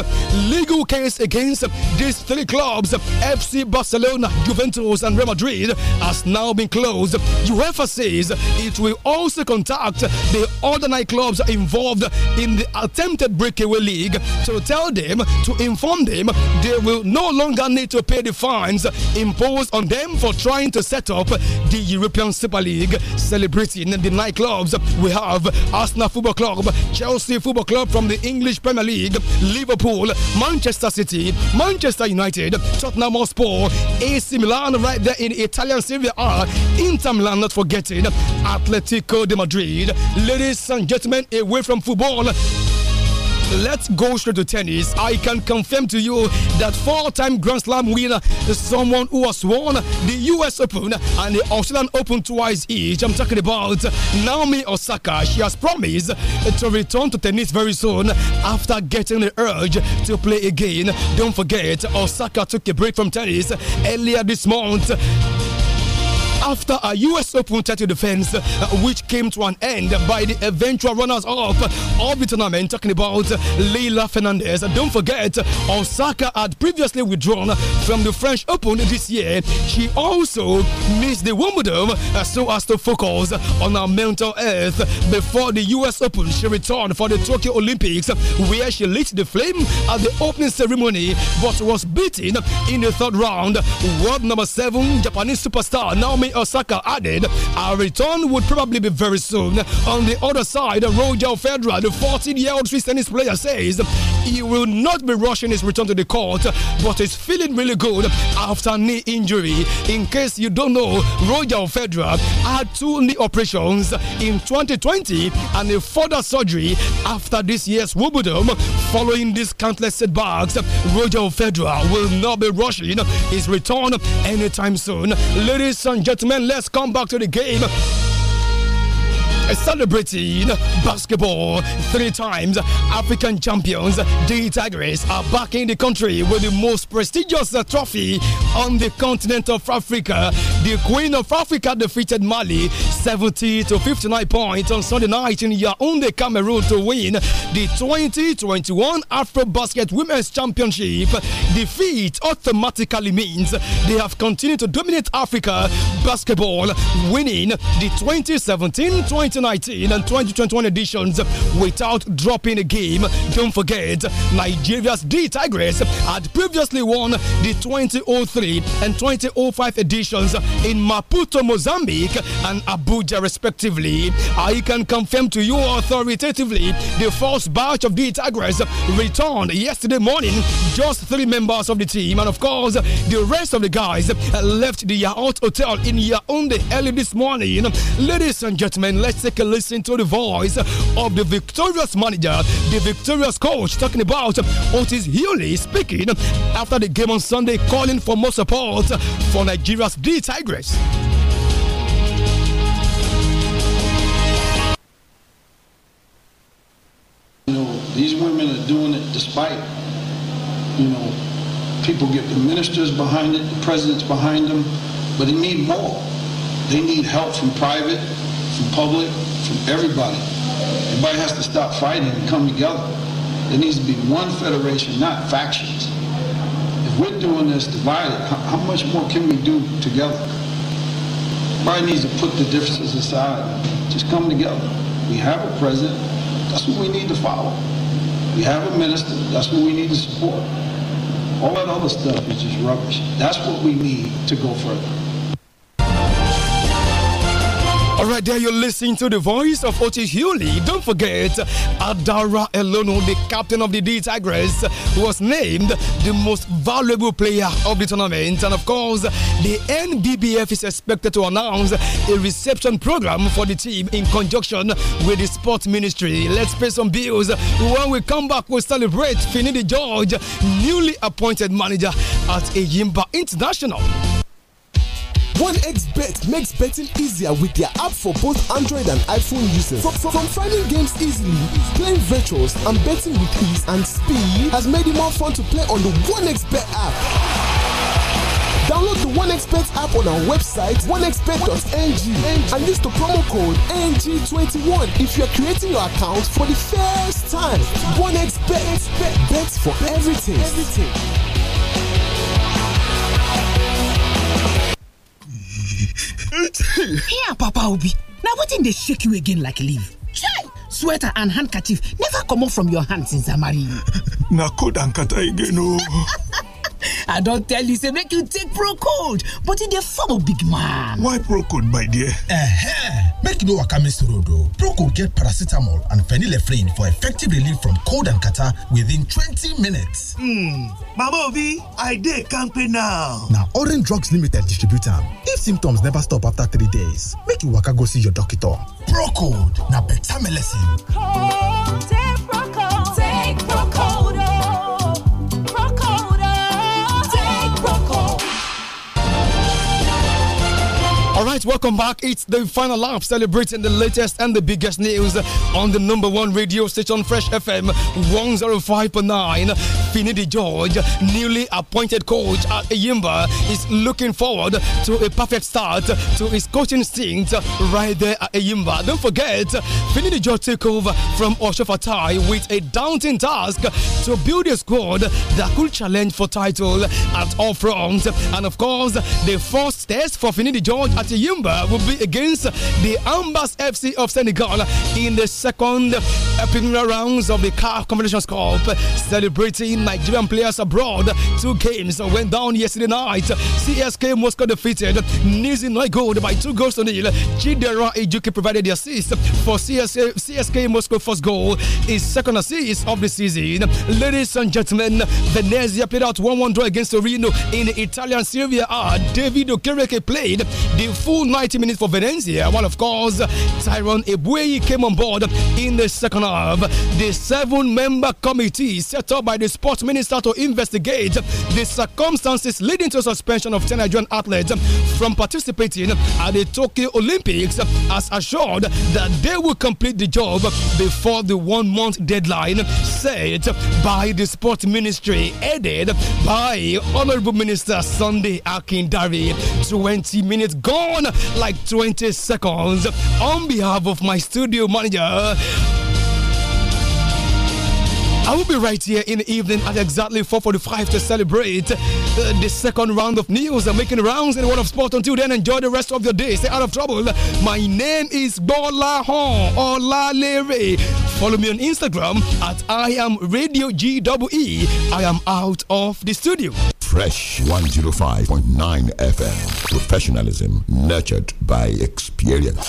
legal case against these three clubs, FC Barcelona, Juventus, and Real Madrid, has now been closed. UEFA says it will also contact the other nightclubs involved in the attempted breakaway league to tell them, to inform them, they will no longer need to pay the fines imposed on them for trying to set up the European Super League, celebrating the nightclubs. We have Arsenal Football Club, Chelsea Football Club from the English Premier League, Liverpool, Manchester City, Manchester United, Tottenham Hotspur, AC Milan right there in Italian Serie A, Inter Milan not forgetting, Atletico de Madrid. Ladies and gentlemen, away from football. Let's go straight to tennis. I can confirm to you that four-time Grand Slam winner is someone who has won the U.S. Open and the Australian Open twice each. I'm talking about Naomi Osaka. She has promised to return to tennis very soon after getting the urge to play again. Don't forget, Osaka took a break from tennis earlier this month after a US Open title defense, uh, which came to an end by the eventual runners up of the tournament, talking about Leila Fernandez. Don't forget, Osaka had previously withdrawn from the French Open this year. She also missed the Wimbledon uh, so as to focus on her mental health before the US Open. She returned for the Tokyo Olympics, where she lit the flame at the opening ceremony but was beaten in the third round. World number seven Japanese superstar Naomi Osaka added, our return would probably be very soon. On the other side, Roger Federer, the 14 year old Swiss tennis player, says he will not be rushing his return to the court, but is feeling really good after knee injury. In case you don't know, Roger Federer had two knee operations in 2020 and a further surgery after this year's Wimbledon. Following these countless setbacks, Roger Federer will not be rushing his return anytime soon. Ladies and gentlemen, gentlemen, let's come back to the game celebrating basketball. Three times African champions, the Tigers are back in the country with the most prestigious trophy on the continent of Africa. The Queen of Africa defeated Mali 70 to 59 points on Sunday night in Yaounde, Cameroon to win the 2021 Afro Basket Women's Championship. Defeat automatically means they have continued to dominate Africa basketball, winning the 2017, 2019, and 2021 editions without dropping a game. Don't forget, Nigeria's D Tigress had previously won the 2003 and 2005 editions in Maputo, Mozambique, and Abuja, respectively. I can confirm to you authoritatively the first batch of the attackers returned yesterday morning. Just three members of the team, and of course, the rest of the guys left the Yaourt Hotel in Yaounde early this morning. Ladies and gentlemen, let's take a listen to the voice of the victorious manager, the victorious coach, talking about Otis Healy speaking after the game on Sunday, calling for more support for Nigeria's D Tigers. Congress. You know, these women are doing it despite, you know, people get the ministers behind it, the president's behind them, but they need more. They need help from private, from public, from everybody. Everybody has to stop fighting and come together. There needs to be one federation, not factions. We're doing this divided. How, how much more can we do together? Everybody needs to put the differences aside. Just come together. We have a president. That's what we need to follow. We have a minister. That's what we need to support. All that other stuff is just rubbish. That's what we need to go further. All right, there you're listening to the voice of Otis Hewley. Don't forget, Adara Elono, the captain of the D Tigress, was named the most valuable player of the tournament. And of course, the NBBF is expected to announce a reception program for the team in conjunction with the sports ministry. Let's pay some bills. When we come back, we'll celebrate Finidi George, newly appointed manager at Ayimba International. 1xBet makes betting easier with their app for both Android and iPhone users. From, from, from finding games easily, playing virtuals, and betting with ease and speed has made it more fun to play on the 1xBet app. Download the OneXpert app on our website, onexpert.ng, and use the promo code NG21 if you are creating your account for the first time. Bet bets for everything. everything. Here, Papa Obi. Now what wetin they shake you again like leaf? Chai! Sweater and handkerchief never come off from your hands since I married you. Na cold and kata again o. Oh. i don't tell you say make you take pro but e the form of big man why pro my dear eh make you know, waka miss road o oh. pro get paracetamol and phenylephrine for effective relief from cold and catarrh within 20 minutes hmm mama obi i dey kampe now Now, orange drugs limited distributor. if symptoms never stop after three days make you waka go see your doctor pro Now, better medicine. melecine All right, welcome back. It's the final lap celebrating the latest and the biggest news on the number one radio station, Fresh FM 105.9. Finidi George, newly appointed coach at Yimba, is looking forward to a perfect start to his coaching stint right there at Yimba. Don't forget, Finidi George took over from Osho Fatai with a daunting task to build a squad that could challenge for title at all fronts. And of course, the first test for Finidi George at Yumba will be against the Ambas FC of Senegal in the second preliminary rounds of the CAF Competition Cup, celebrating Nigerian players abroad. Two games went down yesterday night. CSK Moscow defeated Nizi Noigold by two goals to nil. Chidera Ejuki provided the assist for CSK, CSK Moscow first goal, his second assist of the season. Ladies and gentlemen, Venezia played out 1 1 draw against Torino in Italian Serie A. David Okereke played the full 90 minutes for Valencia, while of course Tyrone Ebueyi came on board in the second half. The seven-member committee set up by the sports minister to investigate the circumstances leading to suspension of 10 Nigerian athletes from participating at the Tokyo Olympics has assured that they will complete the job before the one-month deadline set by the sports ministry, headed by Honorable Minister Sunday Akindari. 20 minutes gone like 20 seconds. On behalf of my studio manager, I will be right here in the evening at exactly 4:45 to celebrate uh, the second round of news and making rounds in the world of sport. Until then, enjoy the rest of your day. Stay out of trouble. My name is Bola Hon Olalere. Follow me on Instagram at I am Radio GWE. I am out of the studio. Fresh 105.9 FM. Professionalism nurtured by experience.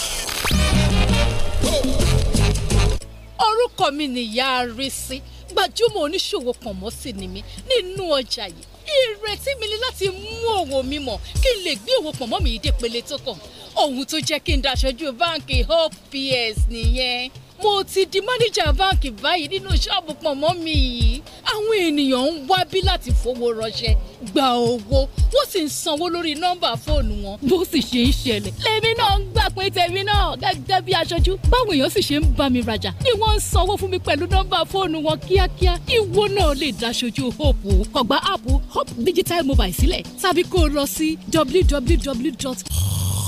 Orúkọ mi nìyá Rísí, gbajúmọ̀ oníṣòwò pọ̀nmọ́ sí ni mí nínú ọjà yìí. Ìrètí mi ni láti mú òwò mi mọ̀ kí n lè gbé òwò pọ̀nmọ́ mi dé pele tó kàn. Ohun tó jẹ́ kí n daṣojú báǹkì Hope PS nìyẹn mo ti di mánìjà báǹkì báyìí nínú ṣọ́ọ̀bù pọ̀nmọ́ mi yìí àwọn ènìyàn ń wábí láti fowó rọṣẹ́ gba owó wọ́n sì ń sanwó lórí nọ́mbà fóònù wọn bó sì ṣe ń ṣẹlẹ̀. lèmi náà ń gbà pé tèmi náà gẹ́gẹ́ bí aṣojú báwọn èèyàn sì ṣe ń bá mi rajà ni wọ́n ń sanwó fún mi pẹ̀lú nọ́mbà fóònù wọn kíákíá ìwọ náà lè dáṣojú hope kọ̀gbá app hope digital mobile sílẹ̀ tàbí kó o lọ sí www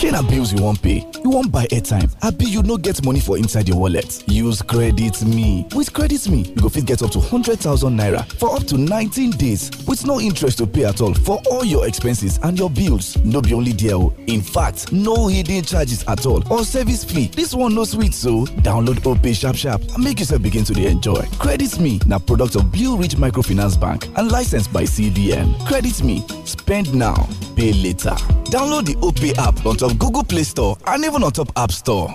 shey na bills you wan pay you wan buy airtime abi you no get money for inside your wallet use credit me with credit me you go fit get up to 100000 naira for up to 19 days with no interest to pay at all for all your expenses and your bills no be only there in fact no hidden charges at all or service fee this one no sweet so download opay sharp sharp and make yourself begin to enjoy credit me na product of blue ridge microfinance bank and licensed by cbn credit me spend now pay later download the opay app on top on Google Play Store and even on top App Store.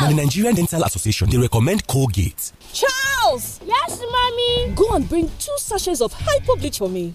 Now, the Nigerian Dental Association, they recommend Colgate. Charles! Yes, mommy? Go and bring two sachets of hypo bleach for me.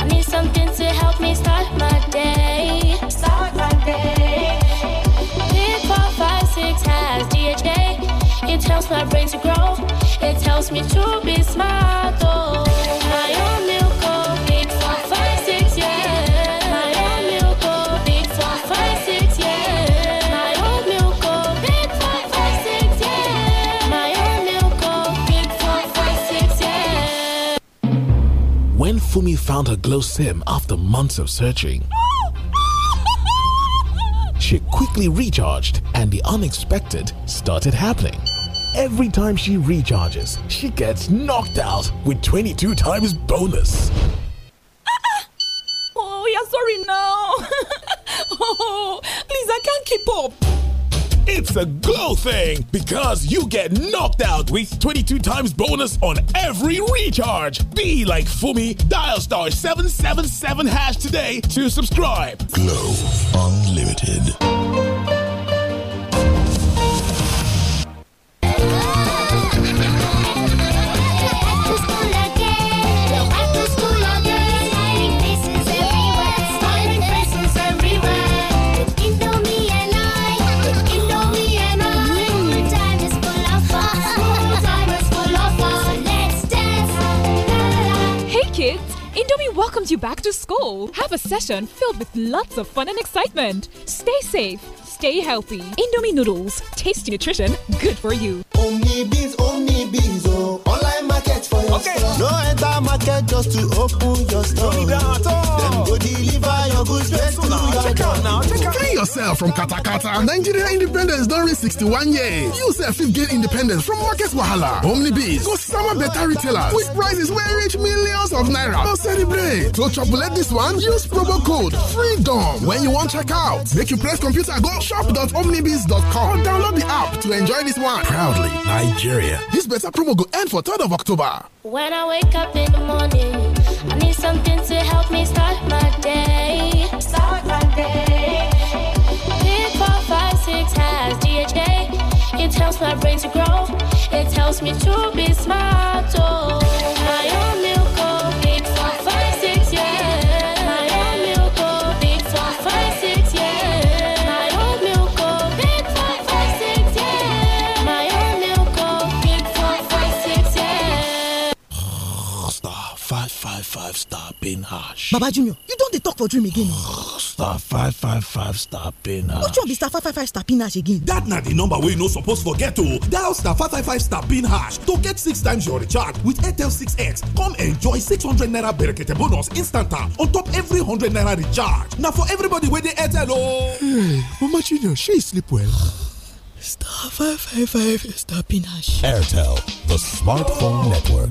I need something to help me start my day. Start my day. four, five, six has DHA. It helps my brain to grow. It helps me to be smart. Oh. Naomi found her glow sim after months of searching. She quickly recharged and the unexpected started happening. Every time she recharges, she gets knocked out with 22 times bonus. It's a glow thing because you get knocked out with 22 times bonus on every recharge. Be like Fumi, dial star 777 hash today to subscribe. Glow Unlimited. welcomes you back to school. Have a session filled with lots of fun and excitement. Stay safe, stay healthy. Indomie noodles, tasty nutrition, good for you. Omnibis, Omnibis, oh. Online market for your okay. store. No enter market just to open your store. Don't need that at all. Then go deliver your goods straight to your Check out now, check out. Free yourself from katakata. Nigeria independence don't reach 61 years. You sef fifth gain independence from market wahala. Omnibis go summer better retailers with prices where reach millions of naira. Don't celebrate. So chopulate this one, use promo code FREEDOM when you want check out. Make you press computer go shop.omnibis.com or download the app to enjoy this one. Proudly Nigeria. This better promo go end for 3rd of October. When I wake up in the morning, I need something to help me start my day. Start my day. Pick four, five, six has DHA. It helps my brain to grow. It helps me to be smart. Oh, my own baba junior you don't dey talk for dream again star five five five star pin which one be star five five five star pin hash again That na the number wey you no suppose forget o oh. dial star five five five star pin hash to get six times your recharge with airtel 6x come enjoy six hundred naira berekete bonus instant on top every hundred naira recharge Now for everybody wey dey airtel o. Oh. hey mama junior shey you sleep well. star five five five star pin hash. airtel the smartphone network.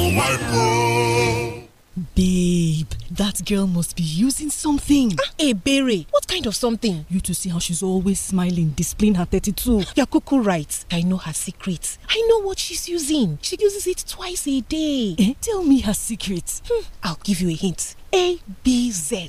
for Babe, that girl must be using something. Ah, hey, eh, Bere, what kind of something? You to see how she's always smiling, displaying her 32. You're cuckoo right. I know her secret. I know what she's using. She uses it twice a day. Eh? Tell me her secret. Hmm, I'll give you a hint. A B Z.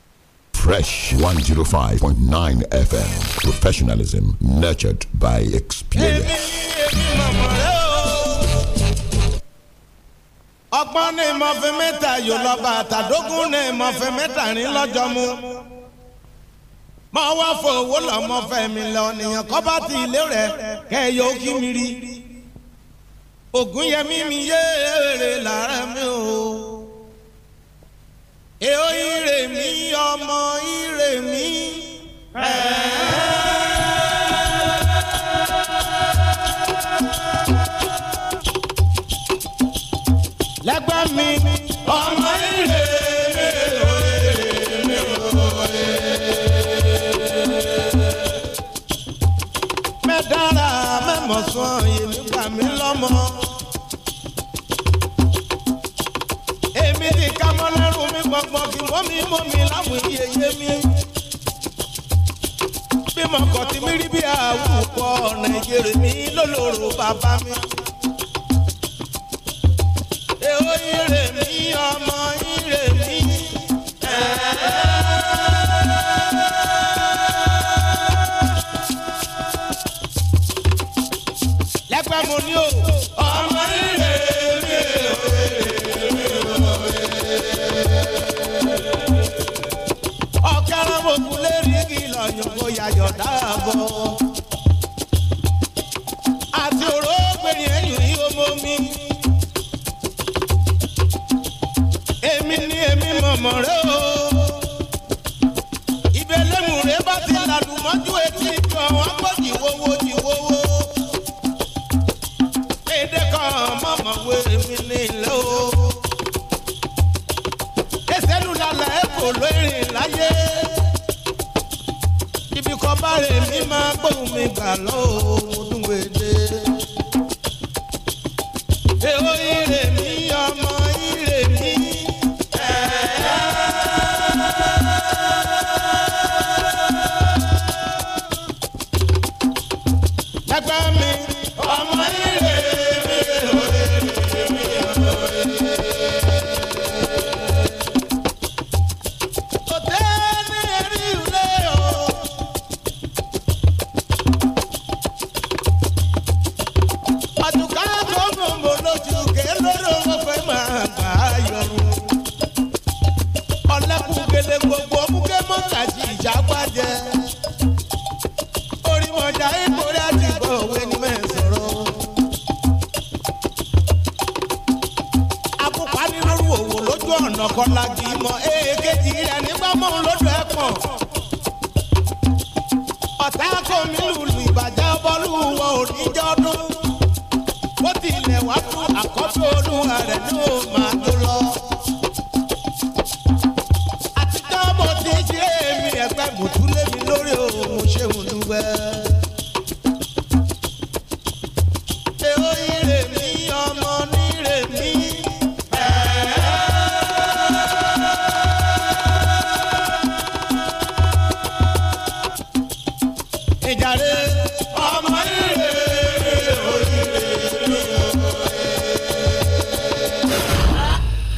Fresh 105.9 FM. Professionalism nurtured by experience. ọgbọ́n ní mo mẹ́ta yóò lọ bá àtàdógún ní mo mẹ́ta rìn lọ́jọ́ mu. mo wá fowó lọ́mọ fẹ́ mi lọ nìyẹn kọ́ bá ti ilé rẹ̀ kẹ́ ẹ yọ kí mi rí. ògùn yẹmí mi yéèrè lára mi o èò ire mi ọmọ ire mi. lẹ́gbẹ́ mi ọmọ ire mi ò ire mi ò ire. mẹ́dára mẹ́mọ̀sán yèmí gbà mí lọ́mọ. gbọ̀ngbọ̀n kí mọ́mí mọ́mí láwọn iye yé mi. bí mo kàn ti mí rí bí àwùkọ nàìjíríà mi lólóró bàbá mi. èho ire mi ọmọ yín. mi gbà lọ́wọ́. jàre. ọmọ rere oríire lóore.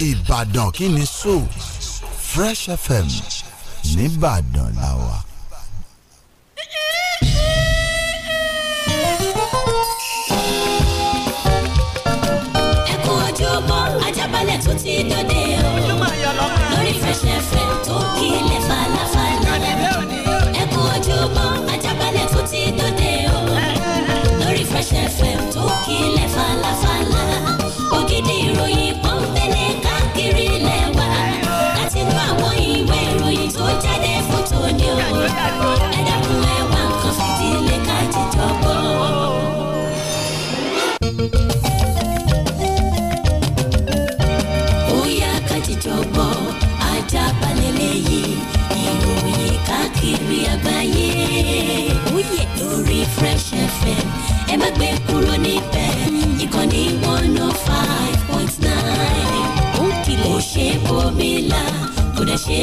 Ìbàdàn kí ni so Fresh FM nìbàdàn la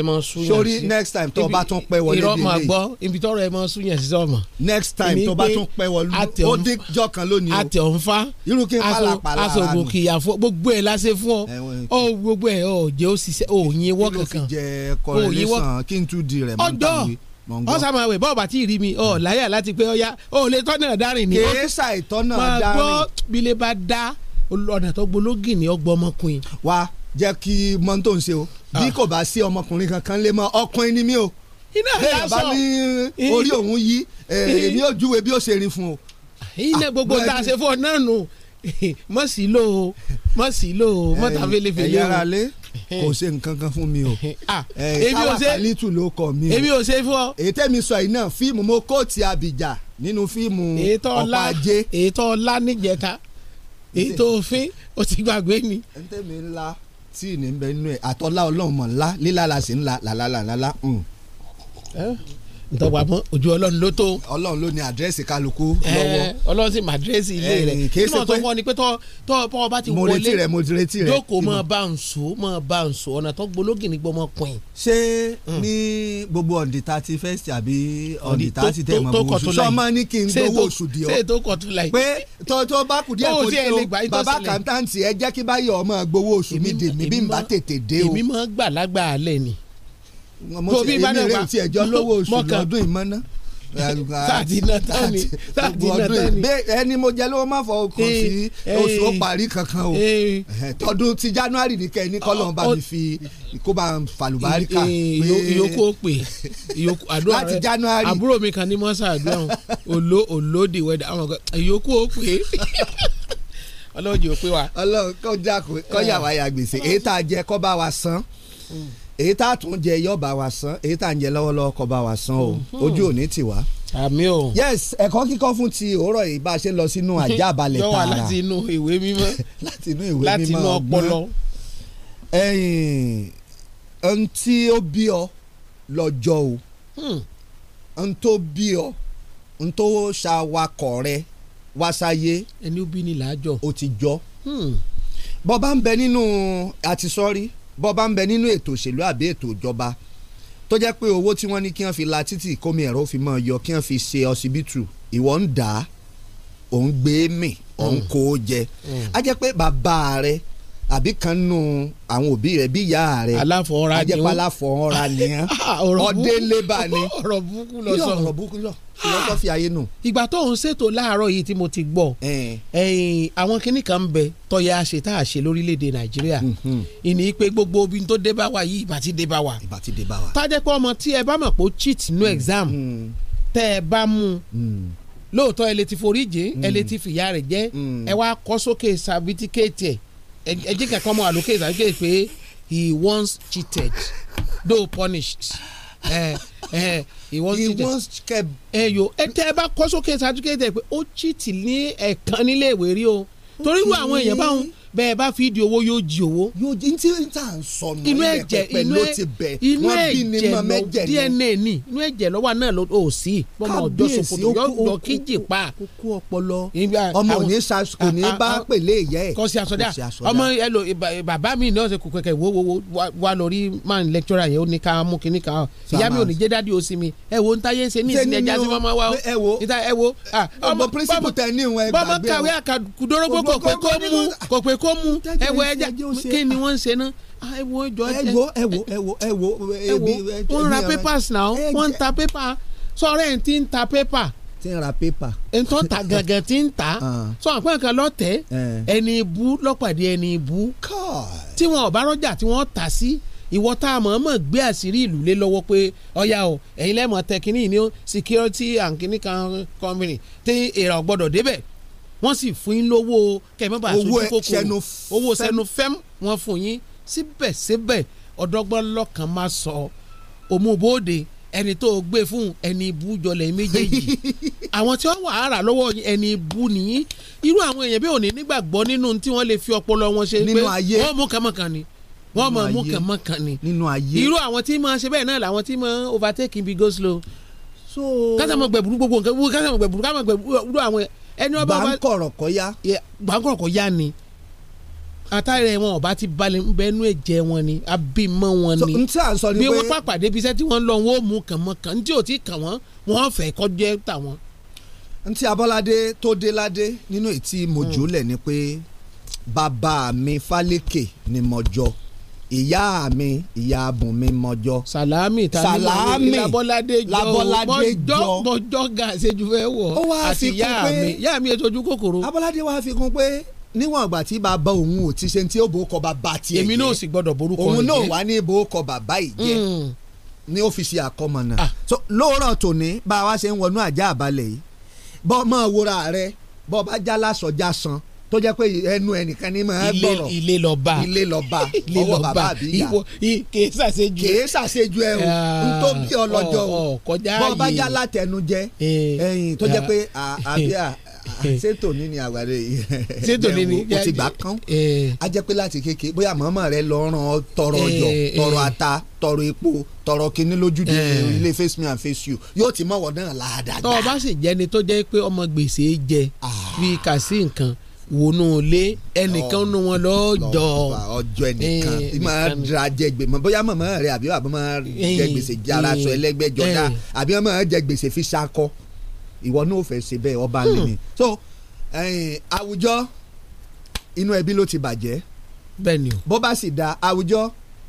ẹ mọ sún yàn sí. next time tó bá tún pẹ́ wọlé délé. irọ́ máa gbọ́ ibi tọ́rọ ẹ mọ sún yàn sí sọ́mọ. next time tó bá tún pẹ́ wọlé ó dín jọ lónìí o. àtẹ ònfà irú kí n pàlà pàlà aṣọ ògùn kìyà fún gbogbo ẹ láṣẹ fún ọ ọ gbogbo ẹ ọ jẹ ó ṣiṣẹ́ ò yín wọ kankan ò yín wọ kí n tún di rẹ mọ gbàgbé ọ sábà wẹ̀ bọ́ọ̀ tí ì rí mi ọ hmm. láyà láti pé ọya ọ lè tọ́nà dárìn ni. kèé ṣàìtọ́nà dárìn. máa gbọ́ bílẹ̀ bá dá ọ̀nà tó gbológì ní ọgbọ́n ọmọkùnrin. wa jẹ́ kí mọ́tò ń ṣe o bí ah. kò bá sí ọmọkùnrin kankan lè mọ ọkùnrin ni mí o iná ẹ̀ bá ní orí òun yí èmi ò júwe bí ó ṣe rin fún o. iná ah, gbogbo tá a ṣe fún ọ náà nù mọ̀ sí lò ó mọ̀ sí lò ó mọ̀ ta felefele o. ẹ̀yin ara lé kò ṣe nǹkan kan fún mi o. Ah, èmi ò ṣe kálítù ló kọ mi o. èmi ò ṣe fún ọ. èyí tẹ́mi sọ yìí náà fíìmù mo kóòtì àbíjà nínú fíìmù ọ̀pá ajé. èyí tó ọlá níjẹta èyí tó òfin ó ti gbàgbé ni. ẹ̀ ń tẹ̀mí ńlá tí ì ní bẹ́ẹ̀ nú ẹ̀ àtọ́lá ọlọ́run mọ̀ ńlá lílá la sì ńlá làlálàlá. Hmm ntọ́wà mọ́ ojú ọlọ́run ló tó. ọlọ́run ló ní àdírẹ́sì kálukú lọ́wọ́. ọlọ́run sì mọ àdírẹ́sì ilé rẹ̀ kí mọ̀ tó wọ́n ni pé tọ́ ọ bá ti wọlé mo retí rẹ̀ mo retí rẹ̀ jókòó mọ bá ń so mọ bá ń so ọ̀nà tó gbólógì ní gbọmọ pin. ṣé mm. ní gbogbo ọ̀dì thirty first àbí ọ̀dì thirty tẹ̀ mọ̀ bó oṣù sọ́mọ́ ní kí n gbowó oṣù di ọ́. ṣé tó kọ̀ tún láì. pé tó tó bá kù díẹ̀ kó tó bàbá kàńtàǹtì gobi ìbádọ́gba mọ̀kàn ọdún ìmọ̀ná sáàtì náà tán ni sáàtì náà tán ni. ẹni mo jẹ lówó má fọ okùn sí oṣù ó parí kankan o tọdún ti january nìkẹ́ ní kọ́lọ́n bá mi fi kó bá ń falùbáríkà. ìyókù ó pè ìyókù àdúrà rẹ láti january àbúrò mi kan ní mọ́sá àdúrà òló òlódì wẹ́dà àwọn kan ìyókù ó pè ọlọ́run jù ó pé wa. ọlọ́run kọjá kọyà wa ya gbèsè èyí tá a jẹ kọ́ bá wa san. Hmm èyí tá a tún jẹ yọ bá wa san èyí tá a jẹ lọ́wọ́lọ́wọ́ kọ́ bá wa san o mhm. ojú òní ti wá. àmì o. yes ẹ̀kọ́ kíkọ́ fún ti òórọ̀ yìí bá a ṣe lọ sínú ajá balẹ̀ tààrà. yọ wá láti inú ìwé mímọ́ láti inú ìwé mímọ́ láti inú ọpọlọ. ẹyin ohun tí ó bí ọ lọ́jọ́ o hmm. ohun tó bí ọ ohun tó ṣàwakọ̀ rẹ wáṣáyé. ẹni ó bí ni làájọ. o ti jọ. Hmm. bọ́ bá ń bẹ nínú àtisọ́rí bọ́ bá ń bẹ nínú ètò òṣèlú àbí ètò ìjọba tó jẹ́ pé owó tí wọ́n ní kí wọ́n fi la títì kómi ẹ̀rọ fi mọ́ yọ kí wọ́n fi ṣe ọsibítù ìwọ ń dà á òun gbé mì òun mm. kó o jẹ mm. jẹ́ pé bàbá rẹ̀ àbí kan nù àwọn òbí rẹ bí ìyá rẹ aláfọwọ́ra ni ó ajẹ́pá aláfọwọ́ra ni ó ah, ọdẹ́lẹ́bà ni ọ̀rọ̀ lọ sọ ọ̀rọ̀ burúkú lọ lọ́kọ́ fi ayé nù. ìgbà tó ń ṣètò láàárọ̀ yìí tí mo ti gbọ́ àwọn kinní kan ń bẹ tọ́yẹ àṣẹ tá a ṣe lórílẹ̀‐èdè nàìjíríà mhm. ìní pé gbogbo obi tó dé bá wa yìí ìbá ti dé bá wa. ìbá ti dé bá wa. tájẹ́pọ̀ ọmọ tí ẹ bá mọ̀ pé ó cheat no mhm. exam mhm. tẹ́ ẹ bá mú un lóòótọ́ ẹ lè ti forí jìn ẹ lè ti fìyà rẹ̀ jẹ ẹ wá kọ́ sókè sàbítíkẹ́ẹ̀tì ẹ̀ ẹ jẹ́ kẹ́kọ̀ọ́ mọ́ àlókè ìsàlùkè pé he once cheated though punished. Eh, eh, he once he cheated. once kẹ. ẹ yo ẹ tẹ ẹ bá kọ́ sókè ìsàlùkè tẹ pé ó cheat ní ẹ̀ẹ̀kan nílé ìwé rí o torí wọ àwọn èèyàn báwọn bẹ́ẹ̀ bá fi di owó yóò jí owó. yóò jí ntí ntà ń sọnù inú ẹ̀jẹ̀ inú ẹ̀jẹ̀ inú ẹ̀jẹ̀ DNA ni inú ẹ̀jẹ̀ lọ́wọ́ náà ló ò sí bọ́mọ ọjọ́ sọ̀kòtò yọ kíjì pa. kókó ọpọlọ ọmọ òní kò ní bá pèlè ìyá ẹ̀. kọ́sí asọ́dá ọmọ ẹlò bàbá mi náà ṣe kò kẹ̀kẹ́ wo wo wa lórí man lecturer yẹn ó ní ká mú kíní ká ìyá mi ò ní jẹ́ dáàdi ó mi ẹ wo ń táyé ṣe ní ìsìn ẹja sí mọ́mọ́ wa wo ọmọ principal tẹ̀ ní ìwọ̀n ẹgbàgbé bọ́mọ kàwé àkàdúrógbó kò pé kó mú kò kó mu ẹ wo ẹja kí ni wọ́n ń ṣe náà ẹ wo ẹjọ ẹ wo ẹ wo ẹ wo ẹ wo ẹ wo wọ́n ra papers náà wọ́n ń ta paper sọ̀rọ̀ ẹ̀ ti ń ta paper tí ń ra pépà. ntọ́ ta gàngàn tí ń ta ah. sọ àpẹ́ nǹkan lọ́tẹ̀ eh. ẹni ibú lọ́pàdé ẹni ibú tí wọn ò bá rọ́jà tí wọ́n tà sí ìwọ tá a mọ̀ mọ̀ gbé àṣírí ìlú lé lọ́wọ́ pé ọ̀yà o ẹ̀yin lẹ́mọ̀ tẹkínì ní security and kìnnì kan company tí èrò gbọ́dọ̀ débẹ̀ wọ́n sì fún yín lówó kẹ́mẹ́bà àtúntò kòkòrò owó sẹnufẹ́m wọ́n fún yín síbẹ̀síbẹ̀ ọ̀dọ́gbọ́n lọ́kàn máa sọ òmùbòde ẹni tó gbé fún ẹni ibú jọlẹ̀ méjèèjì àwọn tí wọ́n wà á rà lọ́wọ́ ẹni ibú nìyí irú àwọn èèyàn bí òní nígbàgbọ́ nínú tí wọ́n lè fi ọpọlọ wọn ṣe pé wọ́n mú kànmọ́kàn ni wọ́n mọ̀ mú kànmọ́kàn ni irú àwọn tí máa ṣe bẹ́ẹ̀ náà làwọn tí máa overtake bí go slow so kásàmọ̀ gbẹ̀bùrú gbogbo nǹkan kásàmọ̀ gbẹ̀bùrú kásàmọ̀ gbẹ̀bùrú ẹni ọba ọba gbàǹkọ̀rọ̀ kọ́ yá. gbàǹkọ̀rọ̀ kọ́ yá ni àtàrẹ wọn ọba ti balẹ̀ bẹnu ẹ̀jẹ̀ wọn ni abímọ wọn ni bí wọn pàpàdé bíṣẹ́ tí wọ́n lọ wọn ò mú kàn mọ́ tí ò ti kàn wọ́n wọ́n fẹ́ kọjá tàwọn. ntí abọ́ládé tó dé ládé nínú ètí mojúlẹ̀ hmm. ni pé bàbá mi fálékè ni mo jọ. Mm ìyá mi ìyá bùnmi mọjọ. salami tani salami labọ́ládé jọ labọ́ládé jọ mọjọ ga ṣejú fẹ́ wọ àti ìyá mi ìyá mi ètò ojú kòkòrò. abọ́ládé wàá fi kún pé níwọ̀n ìgbà tí bàbá òun ò ti ṣe tí ó bò ó kọ bàbá tiẹ̀ jẹ́ èmi náà sì gbọ́dọ̀ borúkọ rẹ̀ jẹ́ òun náà wà ní bò kọ bàbá yìí jẹ́ hmm. ní ọ́fíìsì àkọ́mọ̀nà ah. so lóòrọ̀ tòní bá a wá ṣe ń wọnú àjà àbálẹ̀ yìí bọ́ mọ́ wúra rẹ bọ́ bá já lásọjá san tó jẹ́ pé ẹnu ẹnìkan ni máa gbọ̀rọ̀ ilé lọ bá ilé lọ bá ọwọ́ bàbá àbíyá kèé sàṣejù kèé sàṣejù ẹ ah, o n tó bí ọlọ́jọ́ o bọ́ bá já látẹnujẹ eh. ẹyin tó jẹ́ ah. pé àbíyá eh. ṣètò níní àwàrẹ yìí ṣètò níní o ti gbà eh. kán a jẹ́ pé láti kékeré bóyá màmá rẹ lọ ràn ọ tọrọ ọjọ́ tọrọ ata tọrọ epo tọrọ kinní lójú di ilé face me and face you yóò ti mọ̀wọ́ náà láàdàgbà. tọ́ ọ bá sì jẹ́ni tó jẹ́ pé ọmọ gbèsè jẹ fi ah. kà sí nǹkan wọnú ilé ẹnìkan nù wọn lọ́jọ́ ọjọ́ ẹnìkan tí eh, máa jẹ gbèsè bóyá màmá rẹ àbí bàbá máa jẹ eh, gbèsè jẹ ara sọ eh, ẹlẹ́gbẹ́jọ dá àbí wọn máa jẹ gbèsè fi ṣakọ ìwọ náà fẹ́ ṣe bẹ́ẹ̀ ọba lè ní. Hmm. so àwùjọ inú ẹbí ló ti bàjẹ́ bẹ́ẹ̀ni o bó bá sì da àwùjọ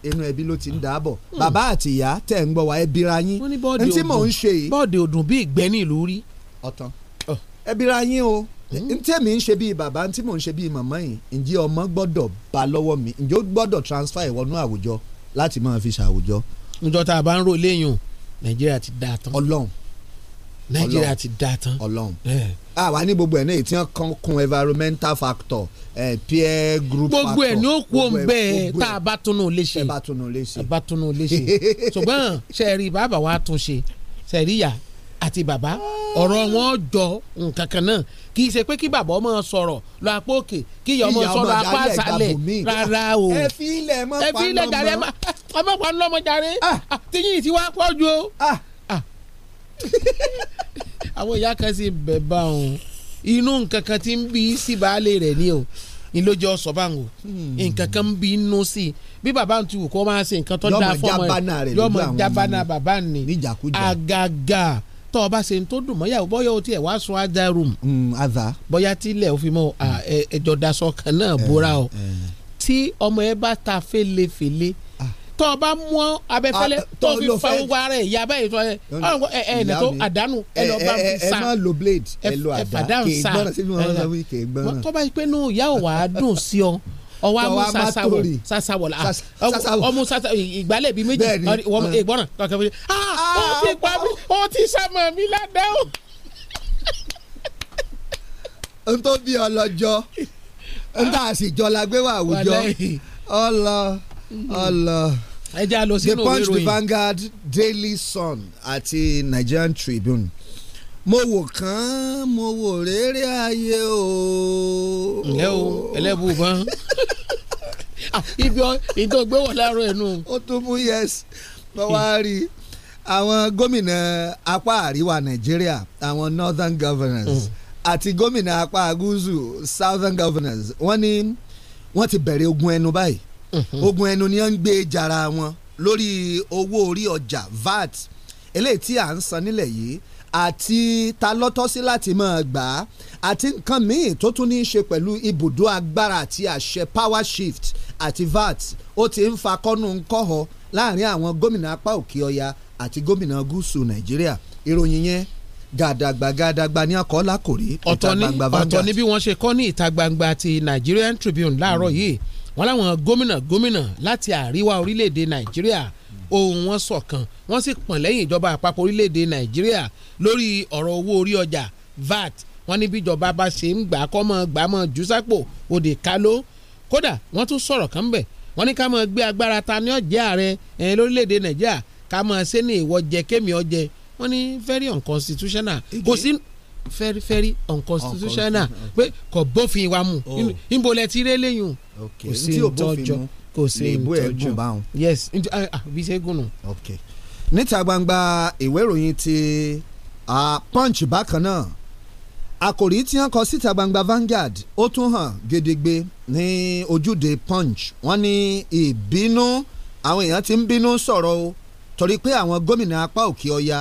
inú ẹbí ló ti ń dàbọ̀ hmm. bàbá àti ìyá tẹ̀ ń gbọ́ wa ẹbí ra yín ẹni tí mò ń ṣe yìí. bọ́ọ̀dì òdùn bí ìgbẹ́ni ìlú rí. ọ̀tàn oh. ẹbí ra yín o. Hmm. ntẹ́ mi ń ṣe bíi bàbá ntí mò ń ṣe bíi màmá yìí ǹjẹ́ ọmọ gbọ́dọ̀ bá lọ́wọ́ mi ǹjẹ́ ó gbọ́dọ̀ transfer ìwọ́nú àwùjọ láti máa fi ṣàwùjọ. ǹjọ́ tá a bá ń rò léyìn nàìjíríà ti dáa tán. ọlọ́run nàìjíríà ti dáa tán. ọlọ́run àwa eh. ní gbogbo ẹ̀ náà ètí kan kun environmental factor eh, peer group factor. gbogbo ẹ̀ ní ó kú òun bẹ́ẹ̀ tá a bá tunu lè ṣe. ẹ bá bá tunu lè ṣe. ṣùgbọ́n ṣẹ̀rí bàbá wa tún ṣe ṣẹ̀rí yà àti bàbá ọ̀rọ̀ wọn jọ nǹkan kan náà kì í ṣe pé kí bàbá ọmọ sọ̀rọ̀ lọ apá òkè kí ìyá ọmọ sọ̀rọ̀ apá àṣálẹ̀ rárá o ẹ fi ilẹ̀ mọ́ pa lọ́mọ ẹ fi ilẹ̀ jàre ọmọ pa lọ́mọ jàre ah. ah, tíyìn tí wàá pọ̀ ju o. Ah. àwọn ìyá kan sì bẹ̀ bá òun inú nǹkan kan ti ń bí sí baálé rẹ̀ ni o ìlójọ sọ̀báǹgò hmm. nǹkan kan ń bí inú sí bí bàbá ń tuwò kó máa ṣe nǹkan tó dáa fọmọ rẹ̀ yọmọ jábánà bàbá ni àgàgà tọ́ ọ bá ṣe ń tó dùn mọ́yàwó bọ́yá o tiẹ̀ wá sọ ajá room. Mm, àdá. bọ́yá tílẹ̀ ò fi mọ́ mm. ẹjọ́ daṣọ kan náà bóra o tí ọmọ ẹ bá ta fẹ́lẹ́fẹ́lẹ́ tọ́ ọ bá mú abẹ́fẹ́lẹ́ tó fi fa gbogbo ara ẹ̀ yaba ẹ̀ tọ́ ẹ ẹ ẹ̀ nìtọ́ àdánù ẹ lọ bá ń sa ẹ má lo blade ẹ lo àdá kì í gbọ́n sí mi wọn lọ́wọ́ kì í gbọ́n. tọ́ bá yí pé nù ìyá ò wá dùn sí ọ ọwọ́ amú sasawọ sasawọ la ọmú sasawọ ìgbálẹ̀ bíi méjì ìgbọ́ràn kọ̀ọ̀kan méjì ó ti pa mí ó ti sàmọ̀ mí ládàá o. n tó bí ọlọ́jọ́ n tà sí jọlá gbé wà àwùjọ ọlọ ọlọ ẹ jẹ́ àlọ́ sínú ìròyìn The Punch, The Vanguard, Daily Sun àti Nigerian Tribune mo wò kán mo wò rere ayé o. ǹlẹ́ o ẹlẹ́bù bọ́n ah, ibi ìtọ́ gbé wọ̀ láàárọ̀ ẹ̀nu. ó tún mú yes mo wá rí àwọn gómìnà apá àríwá nàìjíríà àwọn northern governors mm. àti gómìnà apá gúúsù southern governors wọ́n ní wọ́n ti bẹ̀rẹ̀ ogun ẹnu báyìí mm-hmm. ogun ẹnu ni wọ́n ń gbé jara wọn lórí owó orí ọjà VAT eléyìí tí à ń san nílẹ̀ yìí àti ta lọ́tọ́ sí láti máa gbà á àti nǹkan míì tó tún ní í ṣe pẹ̀lú ibùdó agbára àti àṣẹ power shift àti VAT ó ti ń fa kọ́nù ńkọ́họ láàrin àwọn gómìnà apá òkè ọya àti gómìnà gúúsù nàìjíríà ìròyìn yẹn gàdàgbà gàdàgbà ní akọ lákòrí ìta gbangba vanga ọ̀tọ̀ ni bí wọ́n ṣe kọ́ ní ìta gbangba ti Nigerian Tribune láàárọ̀ hmm. yìí wọ́n láwọn gómìnà gómìnà láti àríwá orílẹ̀-èdè nàìjíríà ohùn wọn ṣọ̀kan wọ́n sì pọ̀n lẹ́yìn ìjọba àpapọ̀ orílẹ̀‐èdè nàìjíríà lórí ọ̀rọ̀ owó orí ọjà vat wọ́n ní bíjọba bá ṣe ń gbà kọ́mọ gbàmọ̀ jù sápò òde kálọ́ kódà wọ́n tún sọ̀rọ̀ kan bẹ̀ wọ́n ní ká máa gbé agbára ta ní ọ̀jẹ́ ààrẹ ẹ̀yìn lórílẹ̀‐èdè nàìjíríà ká máa ṣe ní ìwọ jẹ kémi ọjẹ wọ́n ní very unconstitutional kò sí very very unconstitutional pé kò bófin wa mu ìbòlẹ̀ oh. ti rélẹ́yìn kò sí ìtọ́jọ́ kò sí ìtọ́jú lèbú ẹ̀ gùn báwọn. yes ah, ah, bí ṣe gùn nù. ok níta gbangba ìwé ìròyìn ti punch bákan náà àkòrí tí wọ́n kọ síta gbangba Vanguard ó tún hàn gedegbe ní ojúde punch wọ́n ní ìbínú àwọn èèyàn ti ń bínú sọ̀rọ̀ o torí pé àwọn gómìnà apá òkè ọya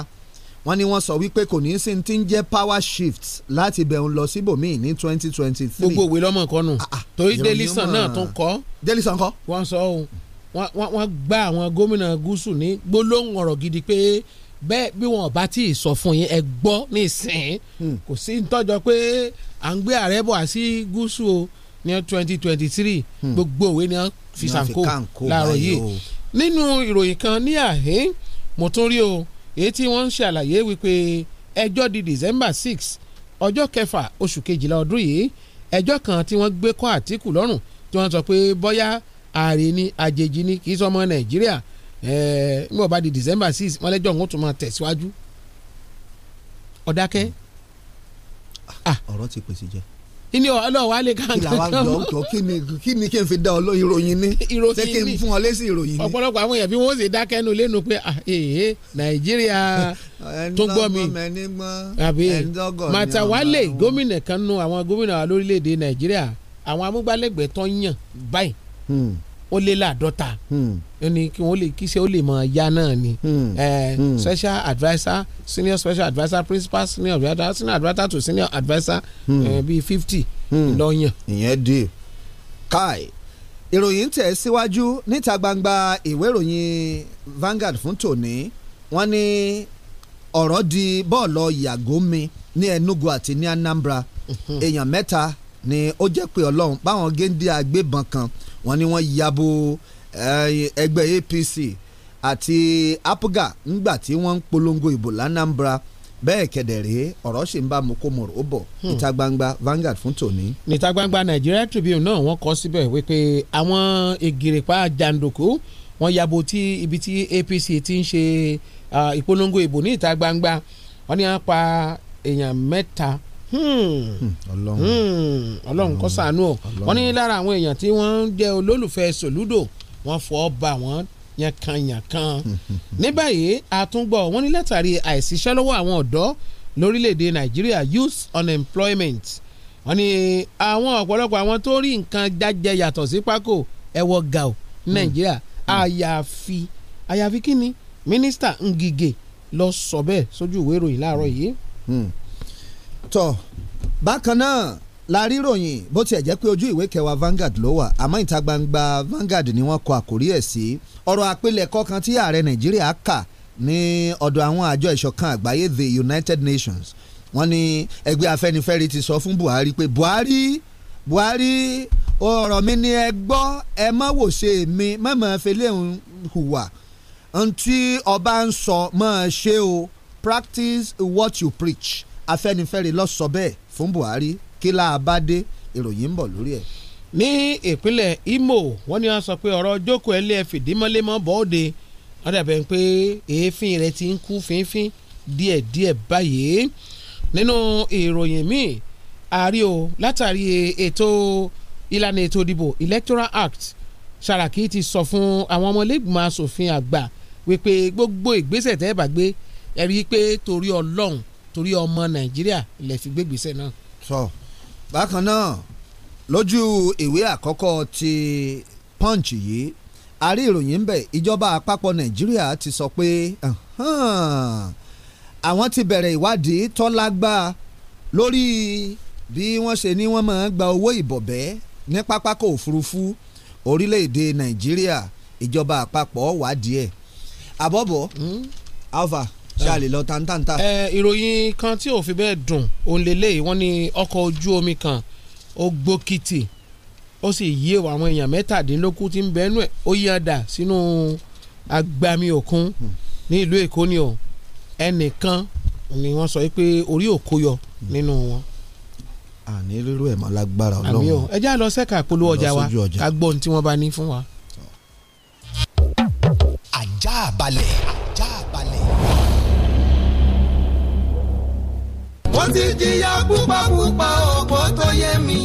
wọ́n ní wọ́n sọ wípé kò ní sí ti ń jẹ́ power shift láti bẹ̀ ń lọ síbòmíì ní twenty twenty three. gbogbo òwe lọ́mọ kan nù ah, ah. torí delison náà tún kọ́. delison kọ́. wọ́n sọ ohun wọ́n gba àwọn gómìnà gúúsù ní gbólóhùn ọ̀rọ̀ gidi pé bẹ́ẹ̀ bí wọn bá tí ì sọ fún yín ẹ gbọ́ ní ìsìn hmm. kò sí ntọ́jọ pé à ń gbé ààrẹ bọ̀ sí gúúsù o ní twenty twenty three hmm. gbogbo òwe ni wọ́n fi ṣàǹkó láàárọ̀ yìí nínú ìròyìn kan ní àhín mo tún rí o èyí tí wọ́n ń ṣe àlàyé wípé ẹjọ́ di December six ọjọ́ kẹfà oṣù kejìlá ọdún yìí ẹjọ́ kan tí wọ́n gbé kọ́ Àtíkù lọ́rùn tí wọ́n sọ pé bóyá ààrẹ ni àjèjì ni kì í sọmọ Nàìjíríà ẹ̀ẹ́ bá di December six wọ́n lẹ́jọ́ òun tún máa tẹ̀síwájú ọ̀dákẹ́. Ah, ọ̀rọ̀ ti pèsè jẹ́ ní ọlọ́wà lè kàn kàn. làwa jọ jọ kí ni kí ni kí n fi da ọ lóyún ìròyìn ni ṣé kí n fún ọ lẹ́sìn ìròyìn ni. ọ̀pọ̀lọpọ̀ àwọn èèyàn bí wọ́n ṣe dákẹ́ nu lẹ́nu pé ah, ee eh, eh, nàìjíríà tó gbọ́ mi àbí màtàwálè gómìnà kan nu àwọn gómìnà wa lórílẹ̀‐èdè nàìjíríà àwọn amúgbálẹ́gbẹ̀ẹ́ tó yàn báyìí hmm ó lé láàdọ́ta hmm. ni kí wọ́n lè kí ṣe ó lè mọ̀ ya náà ni hmm. Hmm. special adviser senior special adviser principal senior adviser senior adviser to senior adviser bíi fifty lọ́yàn. ìyẹn dé Kai, ìròyìn tẹ̀ síwájú níta gbangba ìwé ìròyìn Vanguard fún tòní wọ́n ní ọ̀rọ̀ di bọ́ọ̀lù yàgò mi ní Enugu àti ní Anambra èèyàn mẹ́ta ni ó jẹ́ pé ọlọ́run báwọn géńdé agbébọn kan wọ́n ní wọ́n yabo eh, ẹgbẹ́ APC àti APGA ńgbà tí wọ́n ń polongo ìbò lánàmbra bẹ́ẹ̀ kẹ̀dẹ̀rẹ́ ọ̀rọ̀ ṣì ń bá mokomoro ó bọ̀ níta hmm. gbangba Vanguard fún tòní. níta gbangba Nigeria Tribune náà wọ́n kọ síbẹ̀ wípé àwọn ègèrèpá jàǹdùkú wọ́n yabo tí ibi tí APC ti ń ṣe ah, ìpolongo ìbò ní ìta gbangba wọ́n ní wọ́n pa èèyàn mẹ́ta Hmm. Hmm, hmm. ọlọ́run kó ṣàánú o wọ́n ní lára àwọn èèyàn tí wọ́n jẹ́ olólùfẹ́ sòlúdò wọ́n fọ́ bá wọn yankanyankan ní báyìí àtúngbọ̀ wọ́n ní látàrí àìsíṣẹ́ lọ́wọ́ àwọn ọ̀dọ́ lórílẹ̀‐èdè nàìjíríà youth unemployment wọ́n ní àwọn ọ̀pọ̀lọpọ̀ àwọn tó rí nǹkan jájẹ yàtọ̀ sí pákó ẹ̀wọ̀ gàù nàìjíríà àyàfi àyàfi kí ni mínísítà Ngige lọ sọ bẹ́ẹ̀ sójú ìwé ìròyìn láàárọ̀ yìí tọ́ bákan náà la rí ròyìn bó tiẹ̀ jẹ́ pé ojú ìwé kẹwàá Vanguard ló wà àmọ́ ìta gbangba Vanguard ni wọ́n kọ àkórí ẹ̀ sí ọ̀rọ̀ àpilẹ̀kọ kan tí ààrẹ Nàìjíríà kà ní ọ̀dọ̀ àwọn àjọ ìṣọ̀kan àgbáyé the United Nations wọ́n ní ẹgbẹ́ Afẹ́nifẹ́re ti sọ fún Buhari pé Buhari Buhari ọ̀rọ̀ mi ni ẹ gbọ́ ẹ má wò ṣe mi má máa fẹlẹ́ hùwà ntí ọba ń sọ máa ṣe o practice what you preach afẹ́nifẹ́re ló sọ bẹ́ẹ̀ fún buhari kí láà bá dé ìròyìn ń bọ̀ lórí ẹ̀. ní ìpínlẹ̀ imo wọ́n ní wọ́n sọ pé ọ̀rọ̀ jókòó ẹlẹ́ fìdímọ́lẹ́mọ́ bọ́ọ̀dẹ wọ́n dàbẹ̀ pé èéfín rẹ̀ ti ń kú fínfín díẹ̀díẹ̀ báyìí nínú ìròyìn míì ààrí o látàrí ètò ìlànà ètò ìdìbò electoral act Saraki ti sọ fún àwọn ọmọlẹ́gbìmọ̀ asòfin àgbà wípé gbogbo ìgbésẹ̀ tẹ́ ẹ bá gbé ẹ pé torí Ọlọ́run torí ọmọ nàìjíríà ilẹ̀ fi gbégbèsè náà. sọ bákan náà lójú ìwé àkọ́kọ́ ti punch yìí a rí ìròyìn ń bẹ ìjọba àpapọ̀ nàìjíríà ti sọ pé àwọn ti bẹ̀rẹ̀ ìwádìí tọ́lágbá lórí bí wọ́n ṣe ní wọ́n máa gba owó ìbọ̀bẹ́ ní pápákọ̀ òfurufú orílẹ̀-èdè nàìjíríà ìjọba àpapọ̀ wádìí ẹ̀ àbọ̀bọ̀ hmm? alva ṣáàlì lọ tàǹtàǹtà. ẹ ìròyìn kan tí ò fi bẹ́ẹ̀ dùn òun lélẹ́yìí wọ́n ní ọkọ̀ ojú omi kan ó gbókìtì ó sì yí ìwà àwọn èèyàn mẹ́tàdínlógún tí ń bẹ́ẹ̀ nù ẹ̀ ó yí ọ̀dà sínú agbami òkun hmm. ní ìlú èkó ni o ẹnìkan ni wọ́n sọ pé orí òkú yọ hmm. nínú wọn. àní rírú ẹ̀ máa lágbára ọlọ́run àmì o ẹ já lọ sẹ́ka polówó ọjà wa ká gbọ́ tí wọ́n bá ní fún wa. ajá balẹ̀. mo ti jìyà púpà púpà ọ̀pọ̀ tó yẹ mi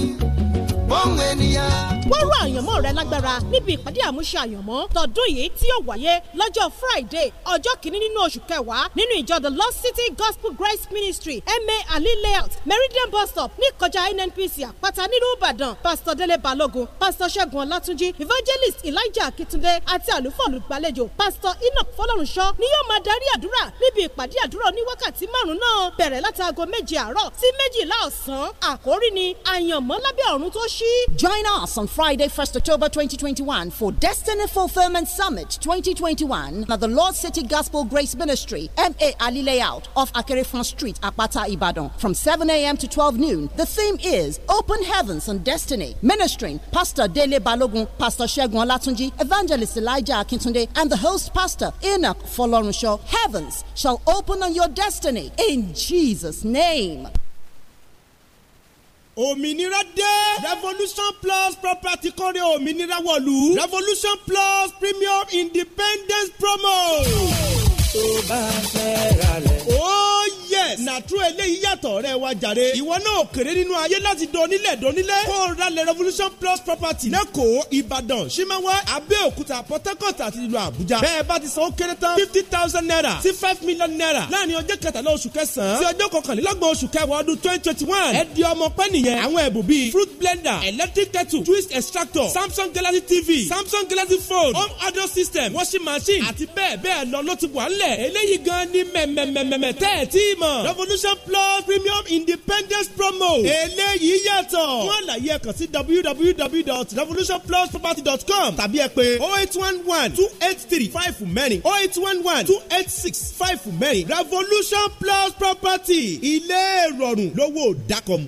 bọ́ọ̀n ènìyàn wọ́rọ̀ àyànmọ́ rẹ lágbára níbi ìpàdé àmúṣe àyànmọ́ tọdún yìí tí yóò wáyé lọ́jọ́ Friday ọjọ́ kìíní nínú oṣù kẹwàá nínú ìjọ the Lost City Gospel Grace Ministry ma ali layout Meridian bus stop ní kọjá NNPC àpáta nílùú Ìbàdàn Pastor Dele Balogun Pastor Ṣẹ́gun Ọlátúnjí Evangelist Elijah Akitunde àti àlùfọ́ọ̀lù gbàlejò Pastor Enoch Fọlọ́runṣọ́ ni yóò máa darí àdúrà níbi ìpàdé àdúrà ní wákàtí márùn-ún náà bẹ̀rẹ̀ látago méje àárọ̀ sí méjìlá ọ̀sán àkórí ni àyànmọ́ lábẹ́ ọ̀run tó ṣí. Join us on Friday, 1st October 2021 for Destiny Fulfillment Summit 2021 at the Lord City Gospel Grace Ministry, MA Ali Layout off Akerefon Street, Apata, Ibadan from 7 a.m. to 12 noon. The theme is Open Heavens and Destiny. Ministering Pastor Dele Balogun, Pastor Shegun Latunji, Evangelist Elijah Akintunde, and the host pastor Enoch Folorunshaw. Heavens shall open on your destiny in Jesus' name. òmìnira dé. revolution plus property kọ́rẹ́ òmìnira wọ̀lú. revolution plus premium independence promo. tó bá fẹ́ ra lẹ̀. ó yẹ yes na true eléyìí yàtọ̀ rẹ̀ wá jàre ìwọ náà kéré nínú ayé láti dónílẹ̀ dónílẹ̀ kó o ra le revolution plus property lẹ́kọ̀ọ́ ìbàdàn ṣímẹ́wá abẹ́òkúta port harcourt àti ìlú àbújá bẹ́ẹ̀ bá ti san ó kéré tán fifty thousand naira sí five million naira láàrin ọjọ́ kẹtàlá oṣù kẹsàn-án sí ọjọ́ kọkànlélọ́gbọ̀n oṣù kẹwàá ọdún twenty twenty one ẹ di ọmọ pẹ́ nìyẹn àwọn ẹ̀bùn bíi fruit blender electric kettle twist extractor samsung galaxy tv samsung galaxy phone home audio system washing machine àti bẹ́ẹ̀ bẹ́ẹ̀ lọ ló ti wà ń lẹ̀ eléyìí gan ni mẹ́mẹ́mẹ́mẹ́ tẹ́ tí mo promo. revolution plus premium independence promo. eléyìí yàtọ̀. fún àlàyé ẹ kàn sí www.revolutionplusproperty.com tàbí ẹ pè oh eight one one two eight three five fún mẹ́rin oh eight one one two eight six five fún mẹ́rin revolution plus property ilé ìrọ̀rùn lówó dákọ̀mù.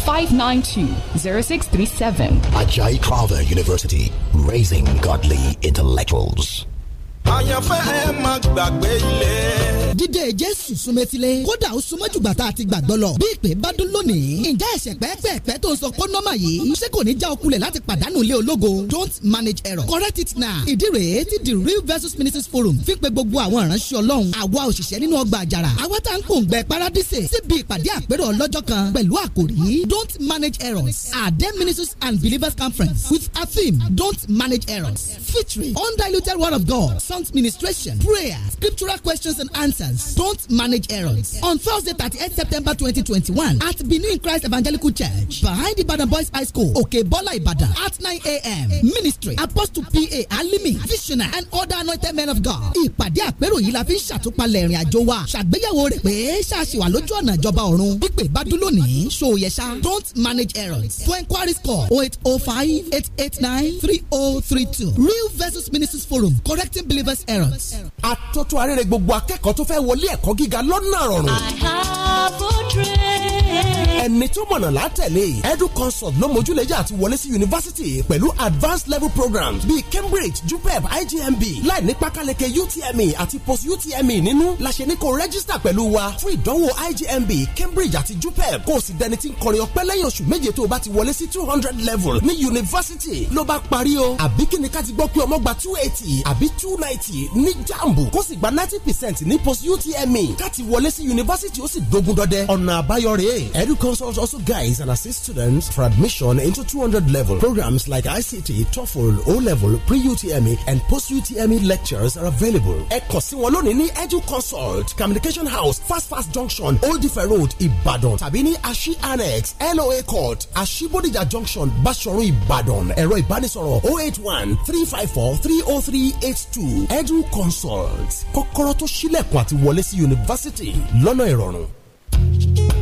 592-0637. Ajay Carver University, raising godly intellectuals. àyànfẹ́ ẹ má gbàgbé ilé. dídé jésù súnmẹ́sílẹ̀ kódà ó súnmọ́ jùgbà tá a ti gbàgbọ́ lọ bí ìpè bá dún lónìí ǹjẹ́ ẹ̀ṣẹ̀ pẹ́ẹ́pẹ́ẹ́pẹ́ tó ń sọ kó nọ́mà yìí ṣé kò ní já okulẹ̀ láti pàdánù ilé ológo don't manage error correct it now ìdí rèé ti the real versus ministers forum fi pe gbogbo àwọn ìránṣẹ́ ọlọ́run àwa òṣìṣẹ́ nínú ọgbà àjàrà àwa tá ń pòǹgbẹ paradíṣe síbi ìpàdé àpérò ọlọ́jọ́ kan pẹ̀lú àkòrí don't manage errors àdé ministers and believers conference with a theme don't manage errors featuring undiluted word of God songs ministration, prayer, scriptural questions and answers. Don't manage errors. On Thursday, 38 September 2021 at Benin Christ Evangelical Church, behind the Ibadan Boys High School, Okebola Ibadan, at 9 a.m. Ministry, Apostle P.A. Alimi, Visionary and other anointed men of God. Ìpàdé àpérò yìí la fi ń ṣàtúpalẹ̀ ìrìn àjò wa. Ṣàgbéyẹ̀wò rẹ̀ pé ṣáàṣì wà lójú ọ̀nà ìjọba ọ̀run. Pípé bá dúró ní ṣòyẹ̀ṣá. Don't manage errors. For inquiries call 0805 889 3032. Real versus ministers Forum, correcting belief syllabus errors. àtúntò arére gbogbo akẹ́kọ̀ọ́ tó fẹ́ wọlé ẹ̀kọ́ gíga lọ́nà rọrùn. I have a dream ẹni tó mọ̀nà látẹ̀lé edu consult ló mójúlẹ̀jà àti wọlé sí yunifásitì pẹ̀lú advanced level programs bíi cambridge jupeb igmb láì ní pákáleke utme àti post utme nínú la ṣe ní kó rẹ́gísítà pẹ̀lú wa fún ìdánwò igmb cambridge àti jupeb kó o sì dẹni tí ń kọrin ọpẹ́ lẹ́yìn oṣù méje tó o bá ti wọlé sí two hundred level ní yunifásitì ló bá parí o àbí kí ni ká ti gbọ́ pé ọmọ gba two eighty àbí two ninety ní jambu kó sì gba ninety percent ní post utme ká ti wọlé sí yunifásitì ó sì dogun dọdẹ ọ̀nà àbáyọ rèé edu Consult also guides and assist students for admission into 200 level. Programs like ICT, TOEFL, O level, pre UTME, and post UTME lectures are available. Ẹ kàn sí Edu Consult, Communication House, Fast Fast Junction, Old Ife Road, Ibadan. Tabini Ashi Annex, LOA Court, Ashibodija Junction, Basoro, Ibadan. Ẹ̀rọ ìbánisọ̀rọ̀ 081 354 30382. Edu Consult, Kokoroto tó ṣílẹ̀kùn àti wọlé sí yunifásítì lọ́nà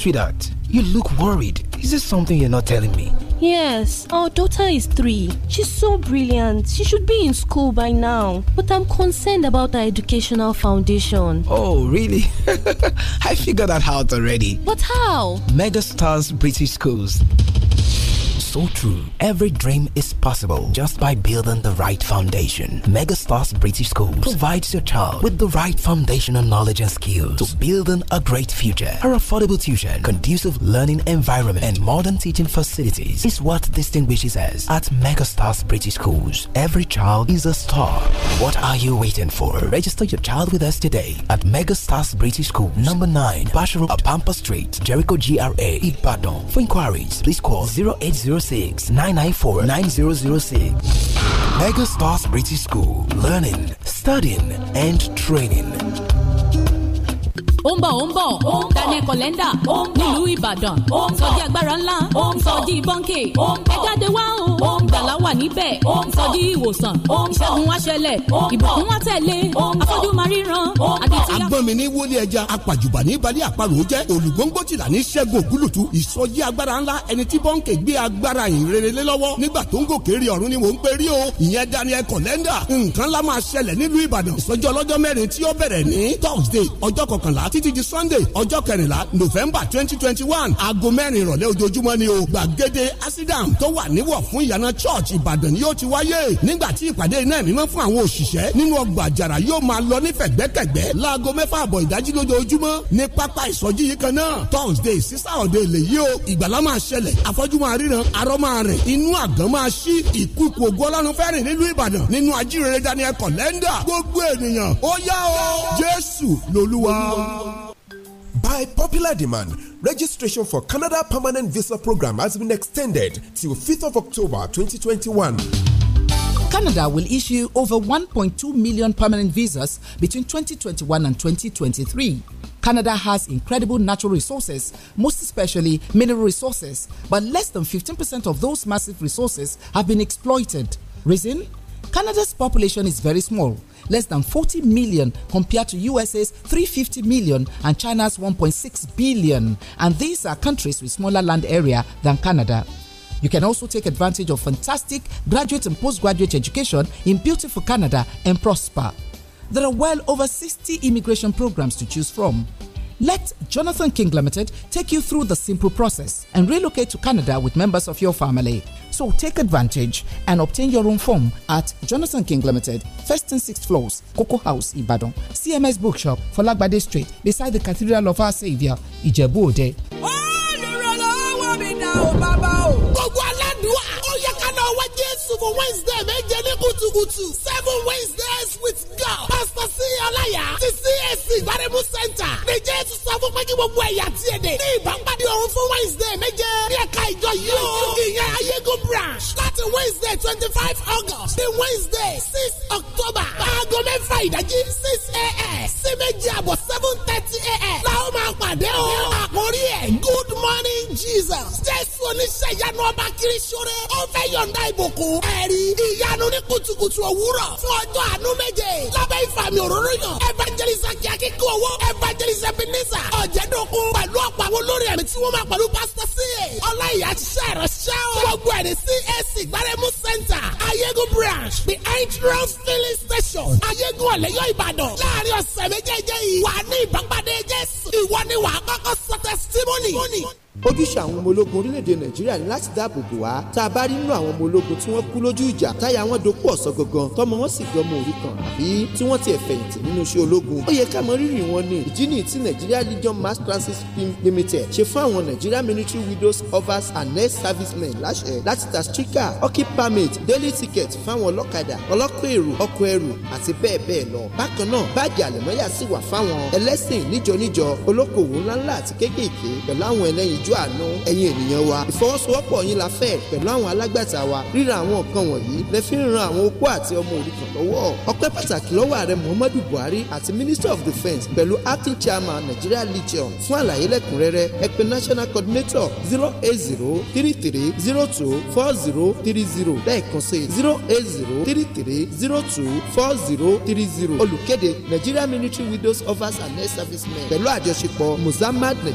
sweetheart, you look worried. Is there something you're not telling me? Yes, our daughter is three. She's so brilliant. She should be in school by now. But I'm concerned about her educational foundation. Oh, really? I figured that out already. But how? Megastars British Schools so true. Every dream is possible just by building the right foundation. Megastars British School provides your child with the right foundational knowledge and skills to building a great future. Our affordable tuition, conducive learning environment, and modern teaching facilities is what distinguishes us at Megastars British Schools. Every child is a star. What are you waiting for? Register your child with us today at Megastars British School, number 9, Bashiru Apampa Street, Jericho GRA, Ibadan. For inquiries, please call 0800. Six nine nine four nine zero zero six. Mega Stars British School. Learning, studying, and training. ó ń bọ̀ ó ń bọ̀ Daniel Kolenda nílùú Ìbàdàn sọjí agbára ńlá sọjí bọ́ńkè ẹ jáde wá o gbàlá wà níbẹ̀ sọjí ìwòsàn ìṣẹ́gun wá ṣẹlẹ̀ ìbùkún wá tẹ̀lé afọ́jú máa ríran àdìtí. àgbọn mi ní wọlé ẹja apàjùbà ní balẹ̀ àparò jẹ́ olùgbòǹgbò tìlà ní sẹ́gun ń gòkè rí ọ̀run ni mò ń pè rí Kolenda nǹkan lá máa ṣẹlẹ̀ nílùú Ìbàdàn ìsọjí ọlọ́jọ́ mẹ́rin tí ó bẹ̀rẹ̀ ní Thursday ọjọ́ kọkànlá títí di sunday ọjọ́ kẹrìnlá november twenty twenty one aago mẹ́rin ìrọ̀lẹ́ ojoojúmọ́ ni o gbàgede asidam tó wà níwọ̀ fún ìyànà church ìbàdàn ni yóò ti wáyé nígbà tí ìpàdé iná ẹ̀mí mọ́ fún àwọn òṣìṣẹ́ nínú ọgbà àjàrà yóò máa lọ ní fẹ̀gbẹ́kẹ̀gbẹ́ láago mẹ́fà àbọ̀ ìdájí lójoojúmọ́ ní pápá ìsọjí yìí kan náà thursday sísá ọ̀dẹ lè yí o ìgbàlá máa ṣẹlẹ̀ afọ́jú máa ríran arọ́ máa rìn inú àgàn máa ṣí ìkúkú ògo ọlọ́run fẹ́rìn nílùú ìbàdàn nínú ajírere daniel kọ̀lẹ́ndà gbogbo ènìyàn ó yá o jésù lolúwa. By popular demand, registration for Canada Permanent Visa Program has been extended till 5th of October 2021. Canada will issue over 1.2 million permanent visas between 2021 and 2023. Canada has incredible natural resources, most especially mineral resources, but less than 15% of those massive resources have been exploited. Reason? Canada's population is very small less than 40 million compared to USA's 350 million and China's 1.6 billion. And these are countries with smaller land area than Canada. You can also take advantage of fantastic graduate and postgraduate education in beautiful Canada and prosper. There are well over 60 immigration programs to choose from Let Jonathan King Limited take you through the simple process and relocate to Canada with members of your family. So take advantage and obtain your own form at Jonathan King Limited, first and sixth floors, Coco House, Ibadan, CMS Bookshop, Folagbade Street, beside the Cathedral of Our Savior, Ijebu Ode. olùrànlọ́wọ́ mi dá o bàbá jésù fún wednesday méje ní kùtùkùtù seven wednesdays with god pastor c ọláyà ti cac gbaremu center ní jésù sọ fún pé kí gbogbo ẹ̀yà àti èdè ní ìbámpadì ọ̀run fún wednesday méje ní ẹ̀ka ìjọ yóò ìyẹn ayégo branch láti wednesday twenty five august ní wednesday six october aago mẹ́fà ìdájí six a.m. sí méjì àbọ̀ seven thirty a.m. la ó máa pàdé o àkórí ẹ̀ good morning jesus jésù oníṣẹ́ ìyanu ọba kiri ṣore ó fẹ́ yọ̀ǹda ìbùkún o. ẹ̀rí ìyanu ní kùtùkùtù òwúrọ̀ fún ọjọ́ àánú méje lábẹ́ ìfàmì òróró yàn evangelisa kíákíkí owó evangelisa beneza ọ̀jẹ̀dọ̀kun pẹ̀lú ọ̀pọ̀ àwọn olórí ẹ̀mí tí wọ́n máa pẹ̀lú pásítọ̀ sí ẹ̀ ọláìyá ṣiṣẹ́ ìránṣẹ́ o. gbogbo ẹ̀rí CAC gbaremu center ayégun branch the ross filling station ayégun ọ̀lẹ́yọ̀ ìbàdàn láàrin ọ̀sẹ̀ méjèèjì yìí wà ní ìbápadé jésù ìwọ ni wàá kọ́kọ́ sọ testimony ojúṣe àwọn ọmọ ológun orílẹ̀-èdè nàìjíríà ni láti dáàbò bò wá tá a bá rí nínú àwọn ọmọ ológun tí wọ́n kú lójú ìjà táyà wọn dokú ọ̀sán gangan tọmọ wọn sì dọmọ òrukàn àbí tí wọ́n tiẹ̀ fẹ̀yìntì nínú iṣẹ́ ológun ó yẹ ká mọ rírì wọn ni ìdí nìyí tí nigeria legion mass transit film limited ṣe fún àwọn nigeria military widows offers and next servicemen láṣẹ láti ta sticker hockey permit daily ticket fáwọn ọlọ́kadà ọlọ́kọ̀ èrò ọkọ̀ ẹrù àti bẹ́ẹ̀ bẹ́ẹ̀ lọ bákan náà báàgì àlẹ̀mọ́yà sì wà fáwọn ẹlẹ́sìn níjọ níjọ olókòwò ńláńlá àti kéékèèké pẹ̀lú àwọn ẹlẹ́yinjú ojú àánú ẹ̀yin ènìyàn wa ìfọwọ́sowọ́pọ̀ yín la fẹ́ pẹ̀lú àwọn alágbàtà wa ríra àwọn nǹkan wọ̀nyí lè fi ń ran àwọn opó àti ọmọ òrukàn lọ́wọ́ ọpẹ́ pàtàkì lọ́wọ́ ààrẹ Muhammadu Buhari àti Minister of Defence pẹ̀lú acting chairman Nigeria Lithium fún àlàyé lẹ́kùnrẹ́rẹ́ ẹ pè national coordinator zero eight zero three three zero two four zero three zero lẹ́ẹ̀kan sí zero eight zero three three zero two four zero three zero olùkéde Nigeria Military Widows Offers and Air Servicemen pẹ̀lú àjọṣepọ̀ Mozambique.